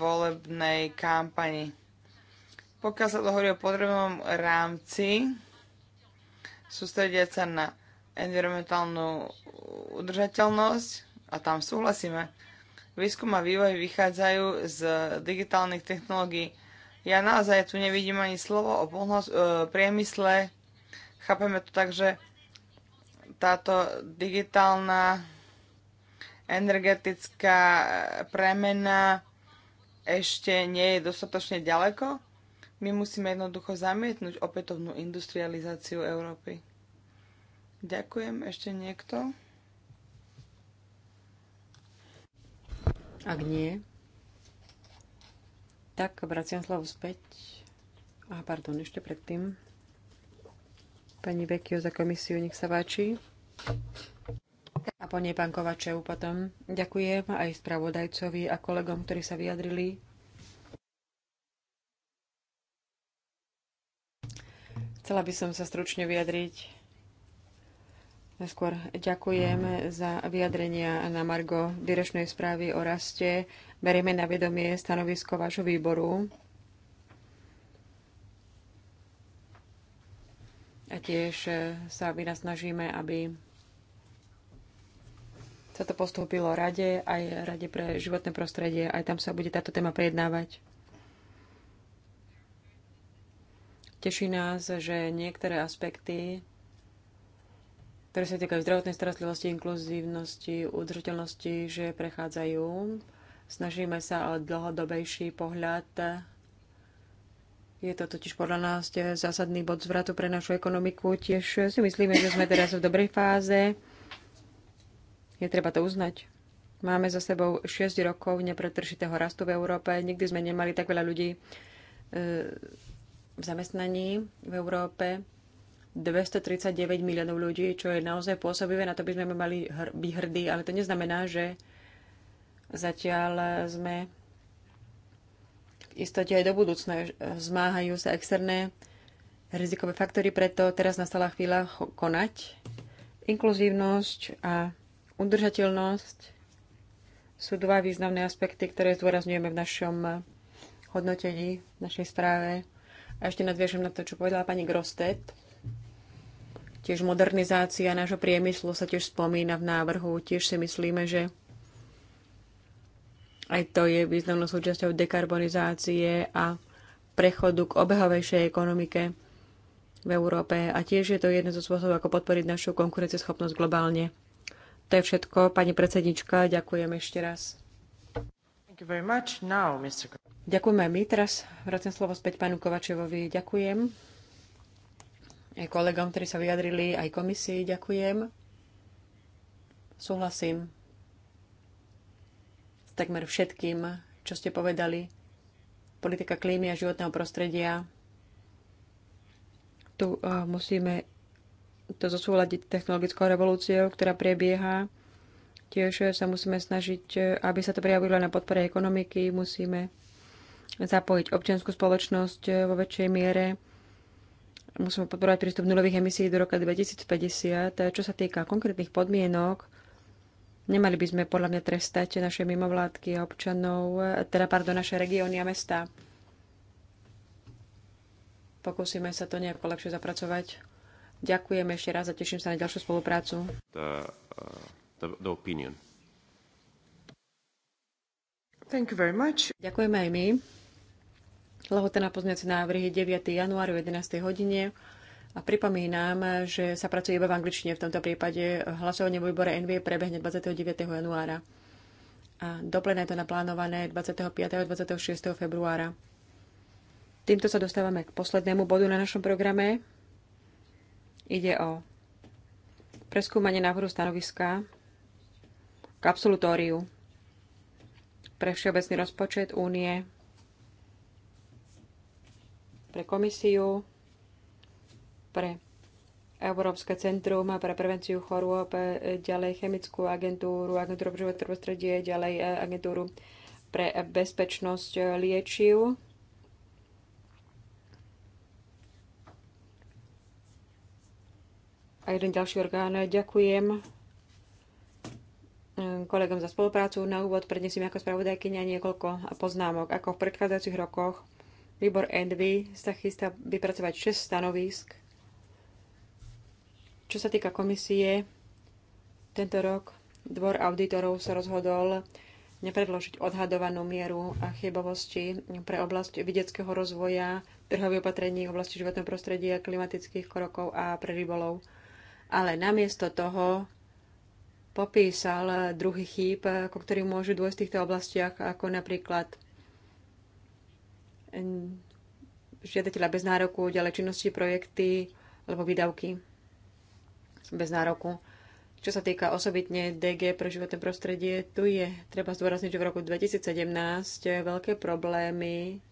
volebnej kampani. Pokiaľ sa to hovorí o potrebnom rámci, sústrediať sa na environmentálnu udržateľnosť, a tam súhlasíme, Výskum a vývoj vychádzajú z digitálnych technológií. Ja naozaj tu nevidím ani slovo o pohnos- e, priemysle. Chápeme to tak, že táto digitálna energetická premena ešte nie je dostatočne ďaleko. My musíme jednoducho zamietnúť opätovnú industrializáciu Európy. Ďakujem. Ešte niekto? Ak nie, tak vraciam slavu späť. A pardon, ešte predtým. Pani Bekio za komisiu, nech sa váči. A po nej pán Kovačev potom. Ďakujem aj spravodajcovi a kolegom, ktorí sa vyjadrili. Chcela by som sa stručne vyjadriť Skôr ďakujem za vyjadrenia na Margo výročnej správy o raste. Berieme na vedomie stanovisko vášho výboru. A tiež eh, sa vynasnažíme, aby sa to postúpilo rade, aj rade pre životné prostredie, aj tam sa bude táto téma prejednávať. Teší nás, že niektoré aspekty ktoré sa týkajú zdravotnej starostlivosti, inkluzívnosti, udržateľnosti, že prechádzajú. Snažíme sa o dlhodobejší pohľad. Je to totiž podľa nás zásadný bod zvratu pre našu ekonomiku. Tiež si myslíme, že sme teraz v dobrej fáze. Je treba to uznať. Máme za sebou 6 rokov nepretržitého rastu v Európe. Nikdy sme nemali tak veľa ľudí e, v zamestnaní v Európe. 239 miliónov ľudí, čo je naozaj pôsobivé, na to by sme mali hr- byť hrdí, ale to neznamená, že zatiaľ sme v istote aj do budúcna zmáhajú sa externé rizikové faktory, preto teraz nastala chvíľa konať. Inkluzívnosť a udržateľnosť sú dva významné aspekty, ktoré zdôrazňujeme v našom hodnotení, v našej správe. A ešte nadviežem na to, čo povedala pani Grostet. Tiež modernizácia nášho priemyslu sa tiež spomína v návrhu. Tiež si myslíme, že aj to je významnou súčasťou dekarbonizácie a prechodu k obehovejšej ekonomike v Európe. A tiež je to jeden zo spôsobov, ako podporiť našu konkurencieschopnosť globálne. To je všetko. Pani predsednička, ďakujem ešte raz. Now, Ďakujem aj my. Teraz vracem slovo späť pánu Kovačevovi. Ďakujem aj kolegom, ktorí sa vyjadrili, aj komisii ďakujem. Súhlasím s takmer všetkým, čo ste povedali. Politika klímy a životného prostredia. Tu uh, musíme to zosúľadiť technologickou revolúciou, ktorá prebieha. Tiež sa musíme snažiť, aby sa to prijavilo na podpore ekonomiky. Musíme zapojiť občianskú spoločnosť vo väčšej miere musíme podporovať prístup nulových emisí do roka 2050. Čo sa týka konkrétnych podmienok, nemali by sme podľa mňa trestať naše mimovládky a občanov, teda pardon, naše regióny a mesta. Pokúsime sa to nejako lepšie zapracovať. Ďakujem ešte raz a teším sa na ďalšiu spoluprácu. The, uh, the, the opinion. Thank you very much. Ďakujeme aj my. Lehota na pozmeňujúce návrhy 9. január o 11. hodine. A pripomínam, že sa pracuje iba v angličtine. V tomto prípade hlasovanie vo výbore NV prebehne 29. januára. A doplené to naplánované 25. a 26. februára. Týmto sa dostávame k poslednému bodu na našom programe. Ide o preskúmanie návrhu stanoviska k absolutóriu pre všeobecný rozpočet únie pre komisiu, pre Európske centrum pre prevenciu chorôb, ďalej chemickú agentúru, agentúru pre životné prostredie, ďalej e, agentúru pre bezpečnosť liečiv. A jeden ďalší orgán. Ďakujem e, kolegom za spoluprácu. Na úvod prednesím ako spravodajkynia niekoľko poznámok. Ako v predchádzajúcich rokoch, Výbor Envy sa chystá vypracovať 6 stanovísk. Čo sa týka komisie, tento rok dvor auditorov sa rozhodol nepredložiť odhadovanú mieru a chybovosti pre oblasť vidieckého rozvoja, trhových opatrení v oblasti životného prostredia, klimatických krokov a pre rybolov. Ale namiesto toho popísal druhý chýb, ku ktorým môžu dôjsť v týchto oblastiach, ako napríklad žiadateľa bez nároku, ďalej činnosti, projekty alebo výdavky bez nároku. Čo sa týka osobitne DG pre životné prostredie, tu je treba zdôrazniť, že v roku 2017 veľké problémy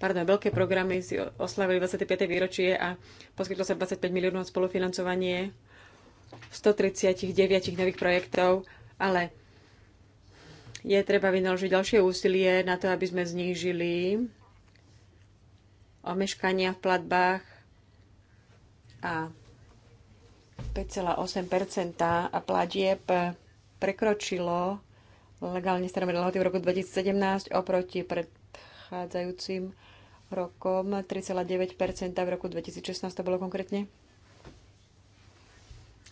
pardon, veľké programy si oslavili 25. výročie a poskytlo sa 25 miliónov spolufinancovanie 139 nových projektov, ale je treba vynaložiť ďalšie úsilie na to, aby sme znížili omeškania v platbách a 5,8 a platieb prekročilo legálne stanovené lehoty v roku 2017 oproti predchádzajúcim rokom 3,9 v roku 2016 to bolo konkrétne.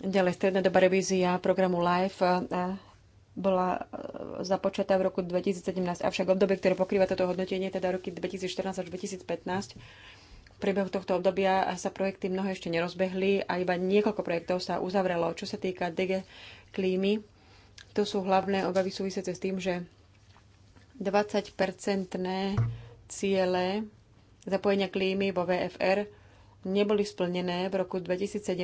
Ďalej stredná doba revízia programu LIFE bola e, započatá v roku 2017, avšak obdobie, ktoré pokrýva toto hodnotenie, teda roky 2014 až 2015, v priebehu tohto obdobia sa projekty mnohé ešte nerozbehli a iba niekoľko projektov sa uzavrelo. Čo sa týka DG klímy, to sú hlavné obavy súvisiace s tým, že 20-percentné ciele zapojenia klímy vo VFR neboli splnené v roku 2017,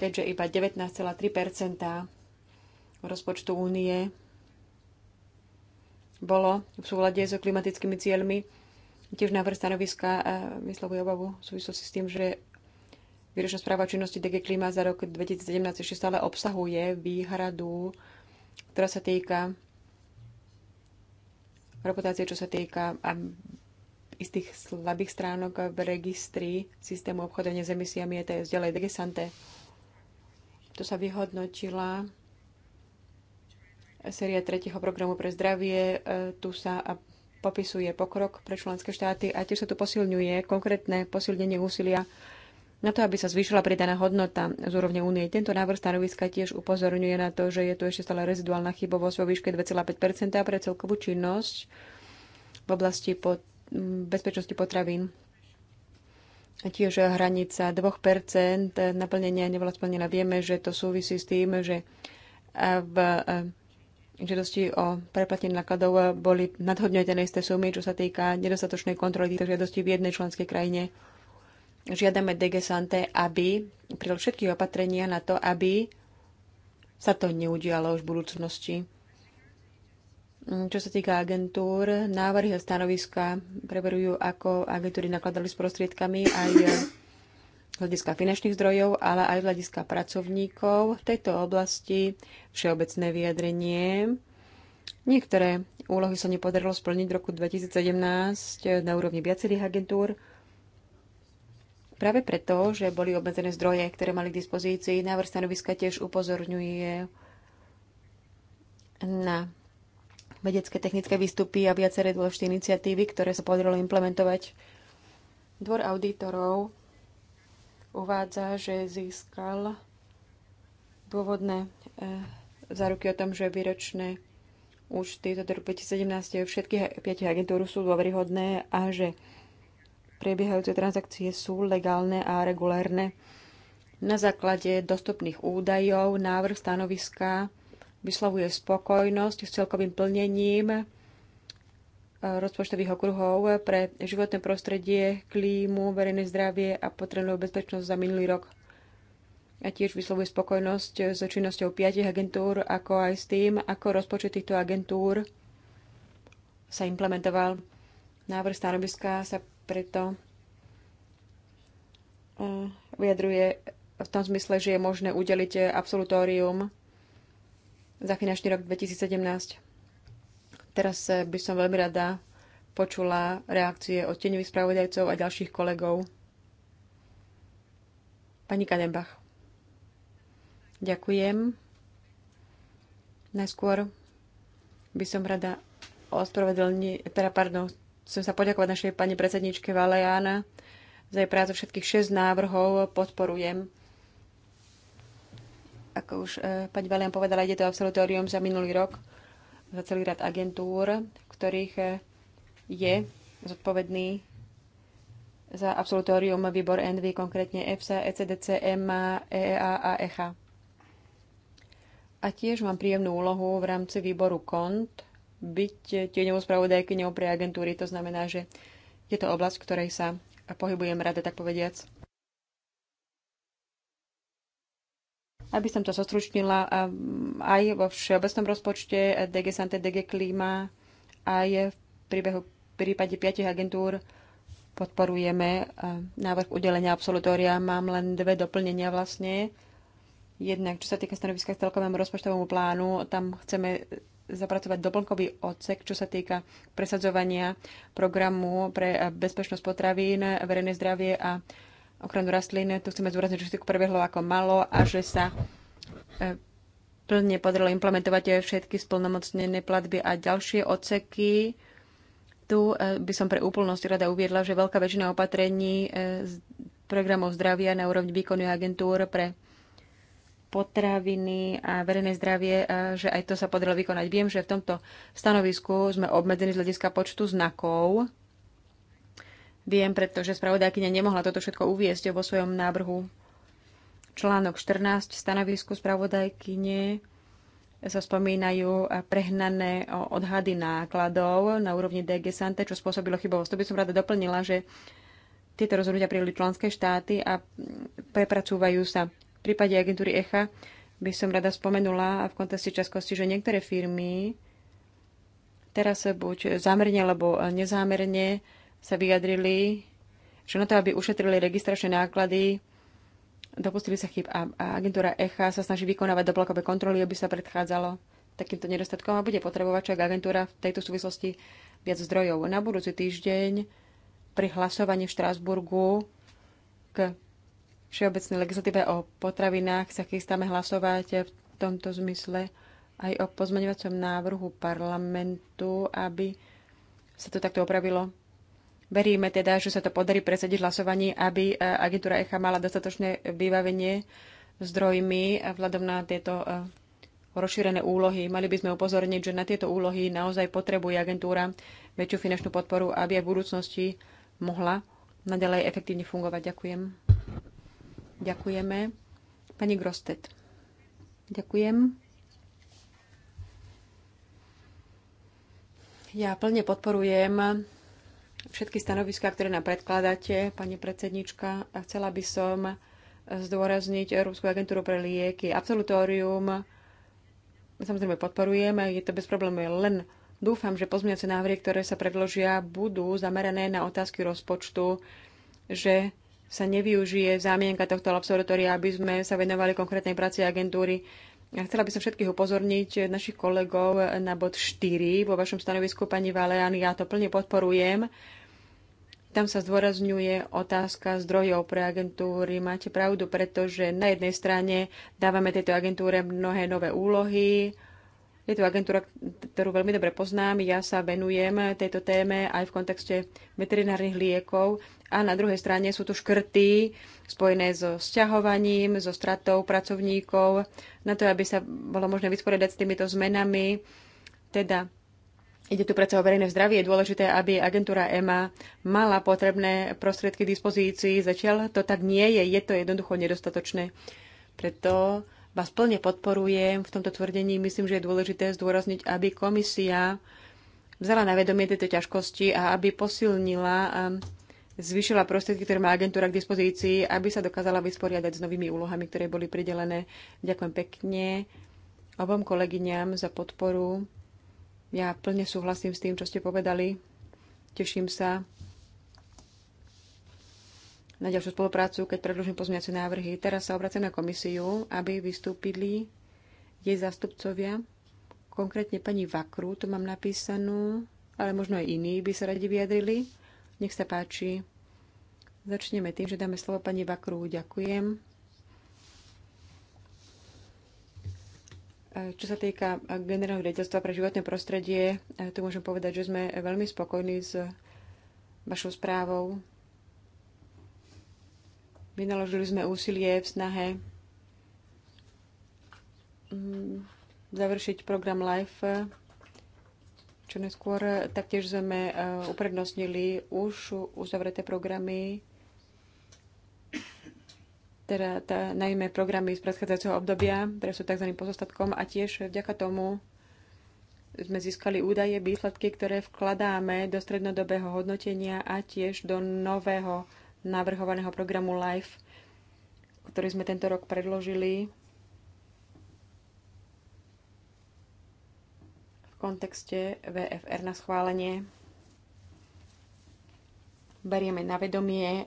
keďže iba 19,3 rozpočtu únie bolo v súlade so klimatickými cieľmi. Tiež návrh stanoviska e, vyslovuje obavu v súvislosti s tým, že výročná správa činnosti DG Klima za rok 2017 ešte stále obsahuje výhradu, ktorá sa týka reputácie, čo sa týka istých slabých stránok v registri systému obchodovania s emisiami ETS, ďalej Sante. To sa vyhodnotila séria tretieho programu pre zdravie. E, tu sa popisuje pokrok pre členské štáty a tiež sa tu posilňuje konkrétne posilnenie úsilia na to, aby sa zvýšila pridaná hodnota z úrovne únie. Tento návrh stanoviska tiež upozorňuje na to, že je tu ešte stále reziduálna chybovosť vo výške 2,5 pre celkovú činnosť v oblasti pod, bezpečnosti potravín. A tiež hranica 2 naplnenia nebola splnená. Vieme, že to súvisí s tým, že v žiadosti o preplatenie nákladov boli nadhodne ten isté sumy, čo sa týka nedostatočnej kontroly týchto žiadostí v jednej členskej krajine. Žiadame DG Sante, aby pri všetky opatrenia na to, aby sa to neudialo už v budúcnosti. Čo sa týka agentúr, návrhy a stanoviska preverujú, ako agentúry nakladali s prostriedkami aj z hľadiska finančných zdrojov, ale aj z hľadiska pracovníkov v tejto oblasti všeobecné vyjadrenie. Niektoré úlohy sa nepodarilo splniť v roku 2017 na úrovni viacerých agentúr, práve preto, že boli obmedzené zdroje, ktoré mali k dispozícii. Návrh stanoviska tiež upozorňuje na vedecké technické výstupy a viaceré dôležité iniciatívy, ktoré sa podarilo implementovať. Dvor auditorov uvádza, že získal dôvodné eh, záruky o tom, že výročné účty za roku 2017 všetkých piatich agentúr sú dôveryhodné a že prebiehajúce transakcie sú legálne a regulérne. Na základe dostupných údajov návrh stanoviska vyslovuje spokojnosť s celkovým plnením rozpočtových okruhov pre životné prostredie, klímu, verejné zdravie a potrebnú bezpečnosť za minulý rok. A tiež vyslovuje spokojnosť s činnosťou piatich agentúr, ako aj s tým, ako rozpočet týchto agentúr sa implementoval. Návrh stanoviska sa preto e, vyjadruje v tom zmysle, že je možné udeliť absolutórium za finančný rok 2017. Teraz eh, by som veľmi rada počula reakcie od teňových spravodajcov a ďalších kolegov. Pani Kadenbach. Ďakujem. Najskôr by som rada ospravedlni, teda pardon, chcem sa poďakovať našej pani predsedničke Valeána za jej prácu všetkých 6 návrhov podporujem. Ako už e, pani Valeán povedala, ide to absolutórium za minulý rok za celý rad agentúr, v ktorých eh, je zodpovedný za absolutórium výbor ENVY, konkrétne EFSA, ECDC, EMA, EEA a ECHA. E e e a tiež mám príjemnú úlohu v rámci výboru KONT byť tieňovou spravodajkyňou pre agentúry. To znamená, že je to oblasť, v ktorej sa pohybujem rada, tak povediac. Aby som to sostručnila, um, aj vo všeobecnom rozpočte eh, DG Sante, DG Klima, aj v príbehu v prípade piatich agentúr podporujeme eh, návrh udelenia absolutória. Mám len dve doplnenia vlastne. Jednak, čo sa týka stanoviska k celkovému rozpočtovému plánu, tam chceme zapracovať doplnkový odsek, čo sa týka presadzovania programu pre eh, bezpečnosť potravín, verejné zdravie a ochranu rastlín. Tu chceme zúrazniť, že všetko prebehlo ako malo a že sa e, plne podarilo implementovať aj všetky splnomocnené platby a ďalšie odseky. Tu e, by som pre úplnosť rada uviedla, že veľká väčšina opatrení e, z programov zdravia na úrovni výkonu agentúr pre potraviny a verejné zdravie, že aj to sa podarilo vykonať. Viem, že v tomto stanovisku sme obmedzení z hľadiska počtu znakov, Viem, pretože spravodajkyňa nemohla toto všetko uviesť vo svojom návrhu. Článok 14 v stanovisku spravodajkyne sa spomínajú prehnané odhady nákladov na úrovni DG Sante, čo spôsobilo chybovosť. To by som rada doplnila, že tieto rozhodnutia prijeli členské štáty a prepracúvajú sa. V prípade agentúry ECHA by som rada spomenula v kontexte časkosti, že niektoré firmy teraz buď zámerne alebo nezámerne sa vyjadrili, že na to, aby ušetrili registračné náklady, dopustili sa chyb a, a agentúra ECHA sa snaží vykonávať doblokové kontroly, aby sa predchádzalo takýmto nedostatkom a bude potrebovať však agentúra v tejto súvislosti viac zdrojov. Na budúci týždeň pri hlasovaní v Štrásburgu k všeobecnej legislatíve o potravinách sa chystáme hlasovať v tomto zmysle aj o pozmeňovacom návrhu parlamentu, aby sa to takto opravilo. Veríme teda, že sa to podarí presadiť hlasovaní, aby e, agentúra ECHA mala dostatočné vybavenie zdrojmi e, vzhľadom na tieto e, rozšírené úlohy. Mali by sme upozorniť, že na tieto úlohy naozaj potrebuje agentúra väčšiu finančnú podporu, aby aj v budúcnosti mohla nadalej efektívne fungovať. Ďakujem. Ďakujeme. Pani Grostet. Ďakujem. Ja plne podporujem všetky stanoviská, ktoré nám predkladáte, pani predsednička. A chcela by som zdôrazniť Európsku agentúru pre lieky. Absolutórium samozrejme podporujeme, je to bez problémov len Dúfam, že pozmeňujúce návrhy, ktoré sa predložia, budú zamerané na otázky rozpočtu, že sa nevyužije zámienka tohto absolutória, aby sme sa venovali konkrétnej práci agentúry. Ja chcela by som všetkých upozorniť, našich kolegov, na bod 4 vo vašom stanovisku, pani Valean, ja to plne podporujem. Tam sa zdôrazňuje otázka zdrojov pre agentúry. Máte pravdu, pretože na jednej strane dávame tejto agentúre mnohé nové úlohy. Je to agentúra, ktorú veľmi dobre poznám. Ja sa venujem tejto téme aj v kontexte veterinárnych liekov. A na druhej strane sú tu škrty spojené so sťahovaním, so stratou pracovníkov, na to, aby sa bolo možné vysporiadať s týmito zmenami. Teda Ide tu predsa o verejné zdravie. Je dôležité, aby agentúra EMA mala potrebné prostriedky k dispozícii. Zatiaľ to tak nie je. Je to jednoducho nedostatočné. Preto vás plne podporujem v tomto tvrdení. Myslím, že je dôležité zdôrazniť, aby komisia vzala na vedomie tieto ťažkosti a aby posilnila a um, zvýšila prostriedky, ktoré má agentúra k dispozícii, aby sa dokázala vysporiadať s novými úlohami, ktoré boli pridelené. Ďakujem pekne obom kolegyňam za podporu ja plne súhlasím s tým, čo ste povedali. Teším sa na ďalšiu spoluprácu, keď predložím pozmeňacie návrhy. Teraz sa obraciam na komisiu, aby vystúpili jej zastupcovia. konkrétne pani Vakru, to mám napísanú, ale možno aj iní by sa radi vyjadrili. Nech sa páči. Začneme tým, že dáme slovo pani Vakru. Ďakujem. E, čo sa týka e, generálneho riaditeľstva pre životné prostredie, e, tu môžem povedať, že sme veľmi spokojní s vašou správou. Vynaložili sme úsilie v snahe mm, završiť program LIFE čo neskôr. Taktiež sme uprednostnili už uzavreté programy teda tá, najmä programy z predchádzajúceho obdobia, ktoré sú tzv. pozostatkom a tiež vďaka tomu sme získali údaje, výsledky, ktoré vkladáme do strednodobého hodnotenia a tiež do nového navrhovaného programu LIFE, ktorý sme tento rok predložili v kontexte VFR na schválenie. Berieme na vedomie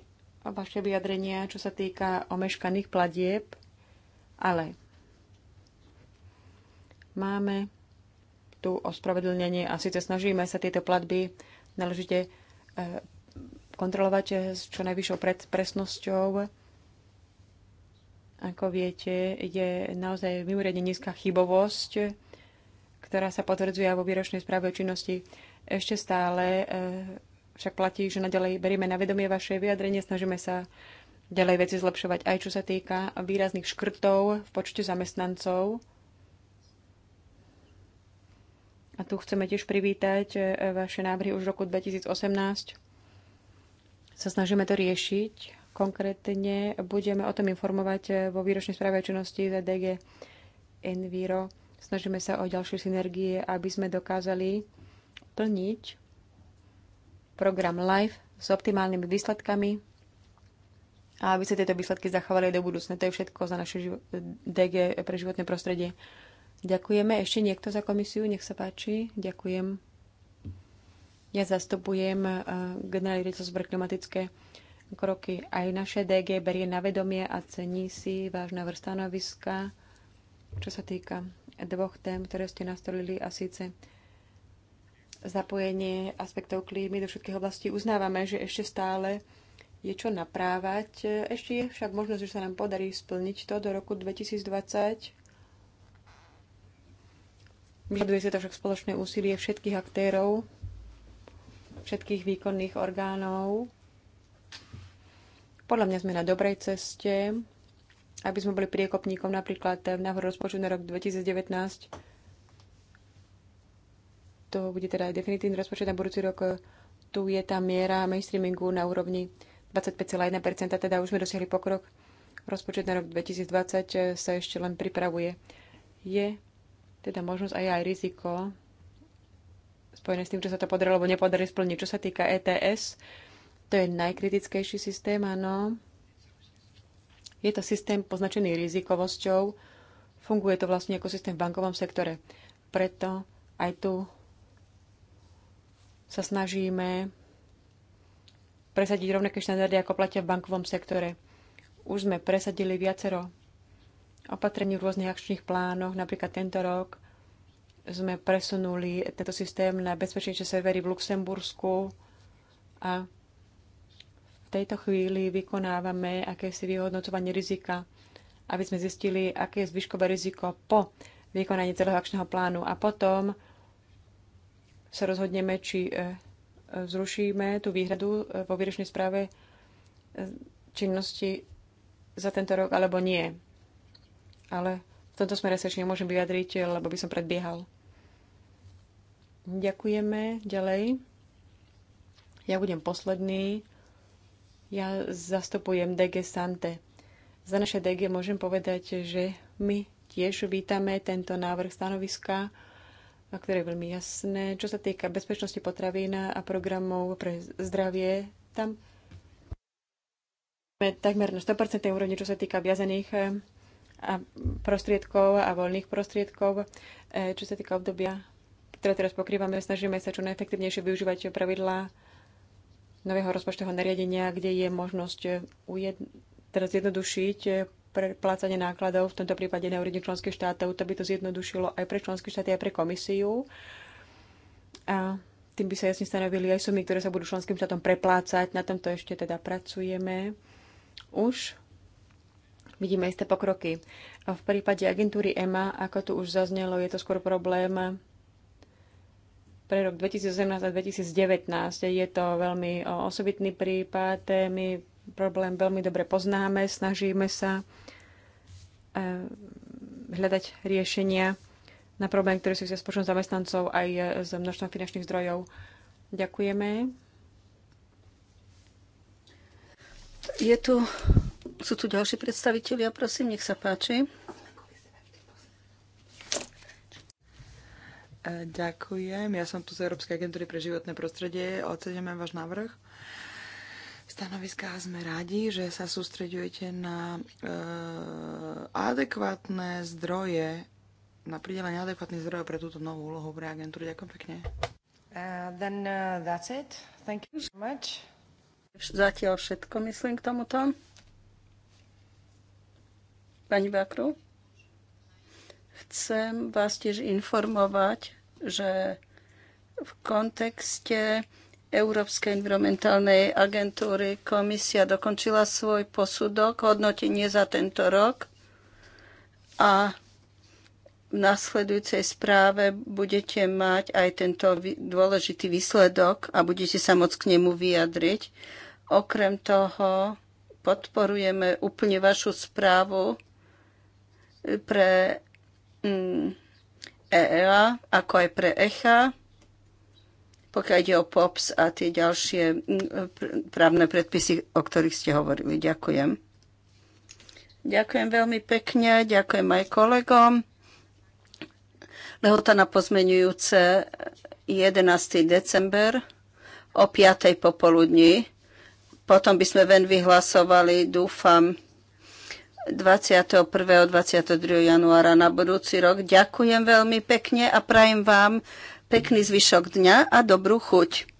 vaše vyjadrenia, čo sa týka omeškaných platieb, ale máme tu ospravedlnenie a síce snažíme sa tieto platby náležite e, kontrolovať s čo najvyššou presnosťou. Ako viete, je naozaj mimoriadne nízka chybovosť, ktorá sa potvrdzuje vo výročnej správe o činnosti. Ešte stále e, však platí, že naďalej berieme na vedomie vaše vyjadrenie, snažíme sa ďalej veci zlepšovať, aj čo sa týka výrazných škrtov v počte zamestnancov. A tu chceme tiež privítať e, vaše návrhy už v roku 2018. Sa snažíme to riešiť. Konkrétne budeme o tom informovať e, vo výročnej správe činnosti za DG Enviro. Snažíme sa o ďalšie synergie, aby sme dokázali plniť program LIFE s optimálnymi výsledkami a aby sa tieto výsledky zachovali do budúcna. To je všetko za naše živo- DG pre životné prostredie. Ďakujeme. Ešte niekto za komisiu? Nech sa páči. Ďakujem. Ja zastupujem uh, generálny riaditeľstvo pre klimatické kroky. Aj naše DG berie na vedomie a cení si váš návrh stanoviska, čo sa týka dvoch tém, ktoré ste nastolili a síce zapojenie aspektov klímy do všetkých oblastí uznávame, že ešte stále je čo naprávať. Ešte je však možnosť, že sa nám podarí splniť to do roku 2020. Vyžaduje sa to však spoločné úsilie všetkých aktérov, všetkých výkonných orgánov. Podľa mňa sme na dobrej ceste, aby sme boli priekopníkom napríklad v návrhu rozpočtu na rok 2019 to bude teda aj definitívny rozpočet na budúci rok. Tu je tá miera mainstreamingu na úrovni 25,1%, teda už sme dosiahli pokrok. Rozpočet na rok 2020 sa ešte len pripravuje. Je teda možnosť aj aj riziko spojené s tým, čo sa to podarilo alebo nepodarilo splniť. Čo sa týka ETS, to je najkritickejší systém, áno. Je to systém poznačený rizikovosťou. Funguje to vlastne ako systém v bankovom sektore. Preto aj tu sa snažíme presadiť rovnaké štandardy, ako platia v bankovom sektore. Už sme presadili viacero opatrení v rôznych akčných plánoch, napríklad tento rok sme presunuli tento systém na bezpečnejšie servery v Luxembursku a v tejto chvíli vykonávame akési vyhodnocovanie rizika, aby sme zistili, aké je zvyškové riziko po vykonaní celého akčného plánu a potom sa rozhodneme, či e, e, zrušíme tú výhradu e, vo výročnej správe činnosti za tento rok alebo nie. Ale v tomto smere sa ešte nemôžem vyjadriť, lebo by som predbiehal. Ďakujeme. Ďalej. Ja budem posledný. Ja zastupujem DG Sante. Za naše DG môžem povedať, že my tiež vítame tento návrh stanoviska ktoré je veľmi jasné. Čo sa týka bezpečnosti potravín a programov pre zdravie, tam sme takmer na 100% úrovni, čo sa týka viazaných eh, a prostriedkov a voľných prostriedkov. Eh, čo sa týka obdobia, ktoré teraz pokrývame, snažíme sa čo najefektívnejšie využívať pravidlá nového rozpočtového nariadenia, kde je možnosť eh, ujed... teraz zjednodušiť preplácanie nákladov, v tomto prípade na úrovni členských štátov, to by to zjednodušilo aj pre členské štáty, aj pre komisiu. A tým by sa jasne stanovili aj sumy, ktoré sa budú členským štátom preplácať. Na tomto ešte teda pracujeme. Už vidíme isté pokroky. A v prípade agentúry EMA, ako tu už zaznelo, je to skôr problém pre rok 2018 a 2019. Je to veľmi osobitný prípad. My problém veľmi dobre poznáme, snažíme sa eh, hľadať riešenia na problém, ktorý si s počtom zamestnancov aj eh, s množstvom finančných zdrojov. Ďakujeme. Je tu, sú tu ďalší predstavitelia, prosím, nech sa páči. Eh, ďakujem. Ja som tu z Európskej agentúry pre životné prostredie. ocenujem váš návrh stanoviska a sme radi, že sa sústredujete na e, adekvátne zdroje, na pridelenie adekvátnych zdrojov pre túto novú úlohu pre agentúru. Ďakujem pekne. Uh, then, uh, that's it. Thank you so much. Zatiaľ všetko, myslím, k tomuto. Pani Bakru? Chcem vás tiež informovať, že v kontexte Európskej environmentálnej agentúry komisia dokončila svoj posudok, hodnotenie za tento rok a v nasledujúcej správe budete mať aj tento dôležitý výsledok a budete sa môcť k nemu vyjadriť. Okrem toho podporujeme úplne vašu správu pre mm, EEA, ako aj pre ECHA pokiaľ ide o POPS a tie ďalšie právne predpisy, o ktorých ste hovorili. Ďakujem. Ďakujem veľmi pekne, ďakujem aj kolegom. Lehota na pozmenujúce 11. december o 5. popoludní. Potom by sme ven vyhlasovali, dúfam, 21. 22. januára na budúci rok. Ďakujem veľmi pekne a prajem vám Pekný zvyšok dňa a dobrú chuť.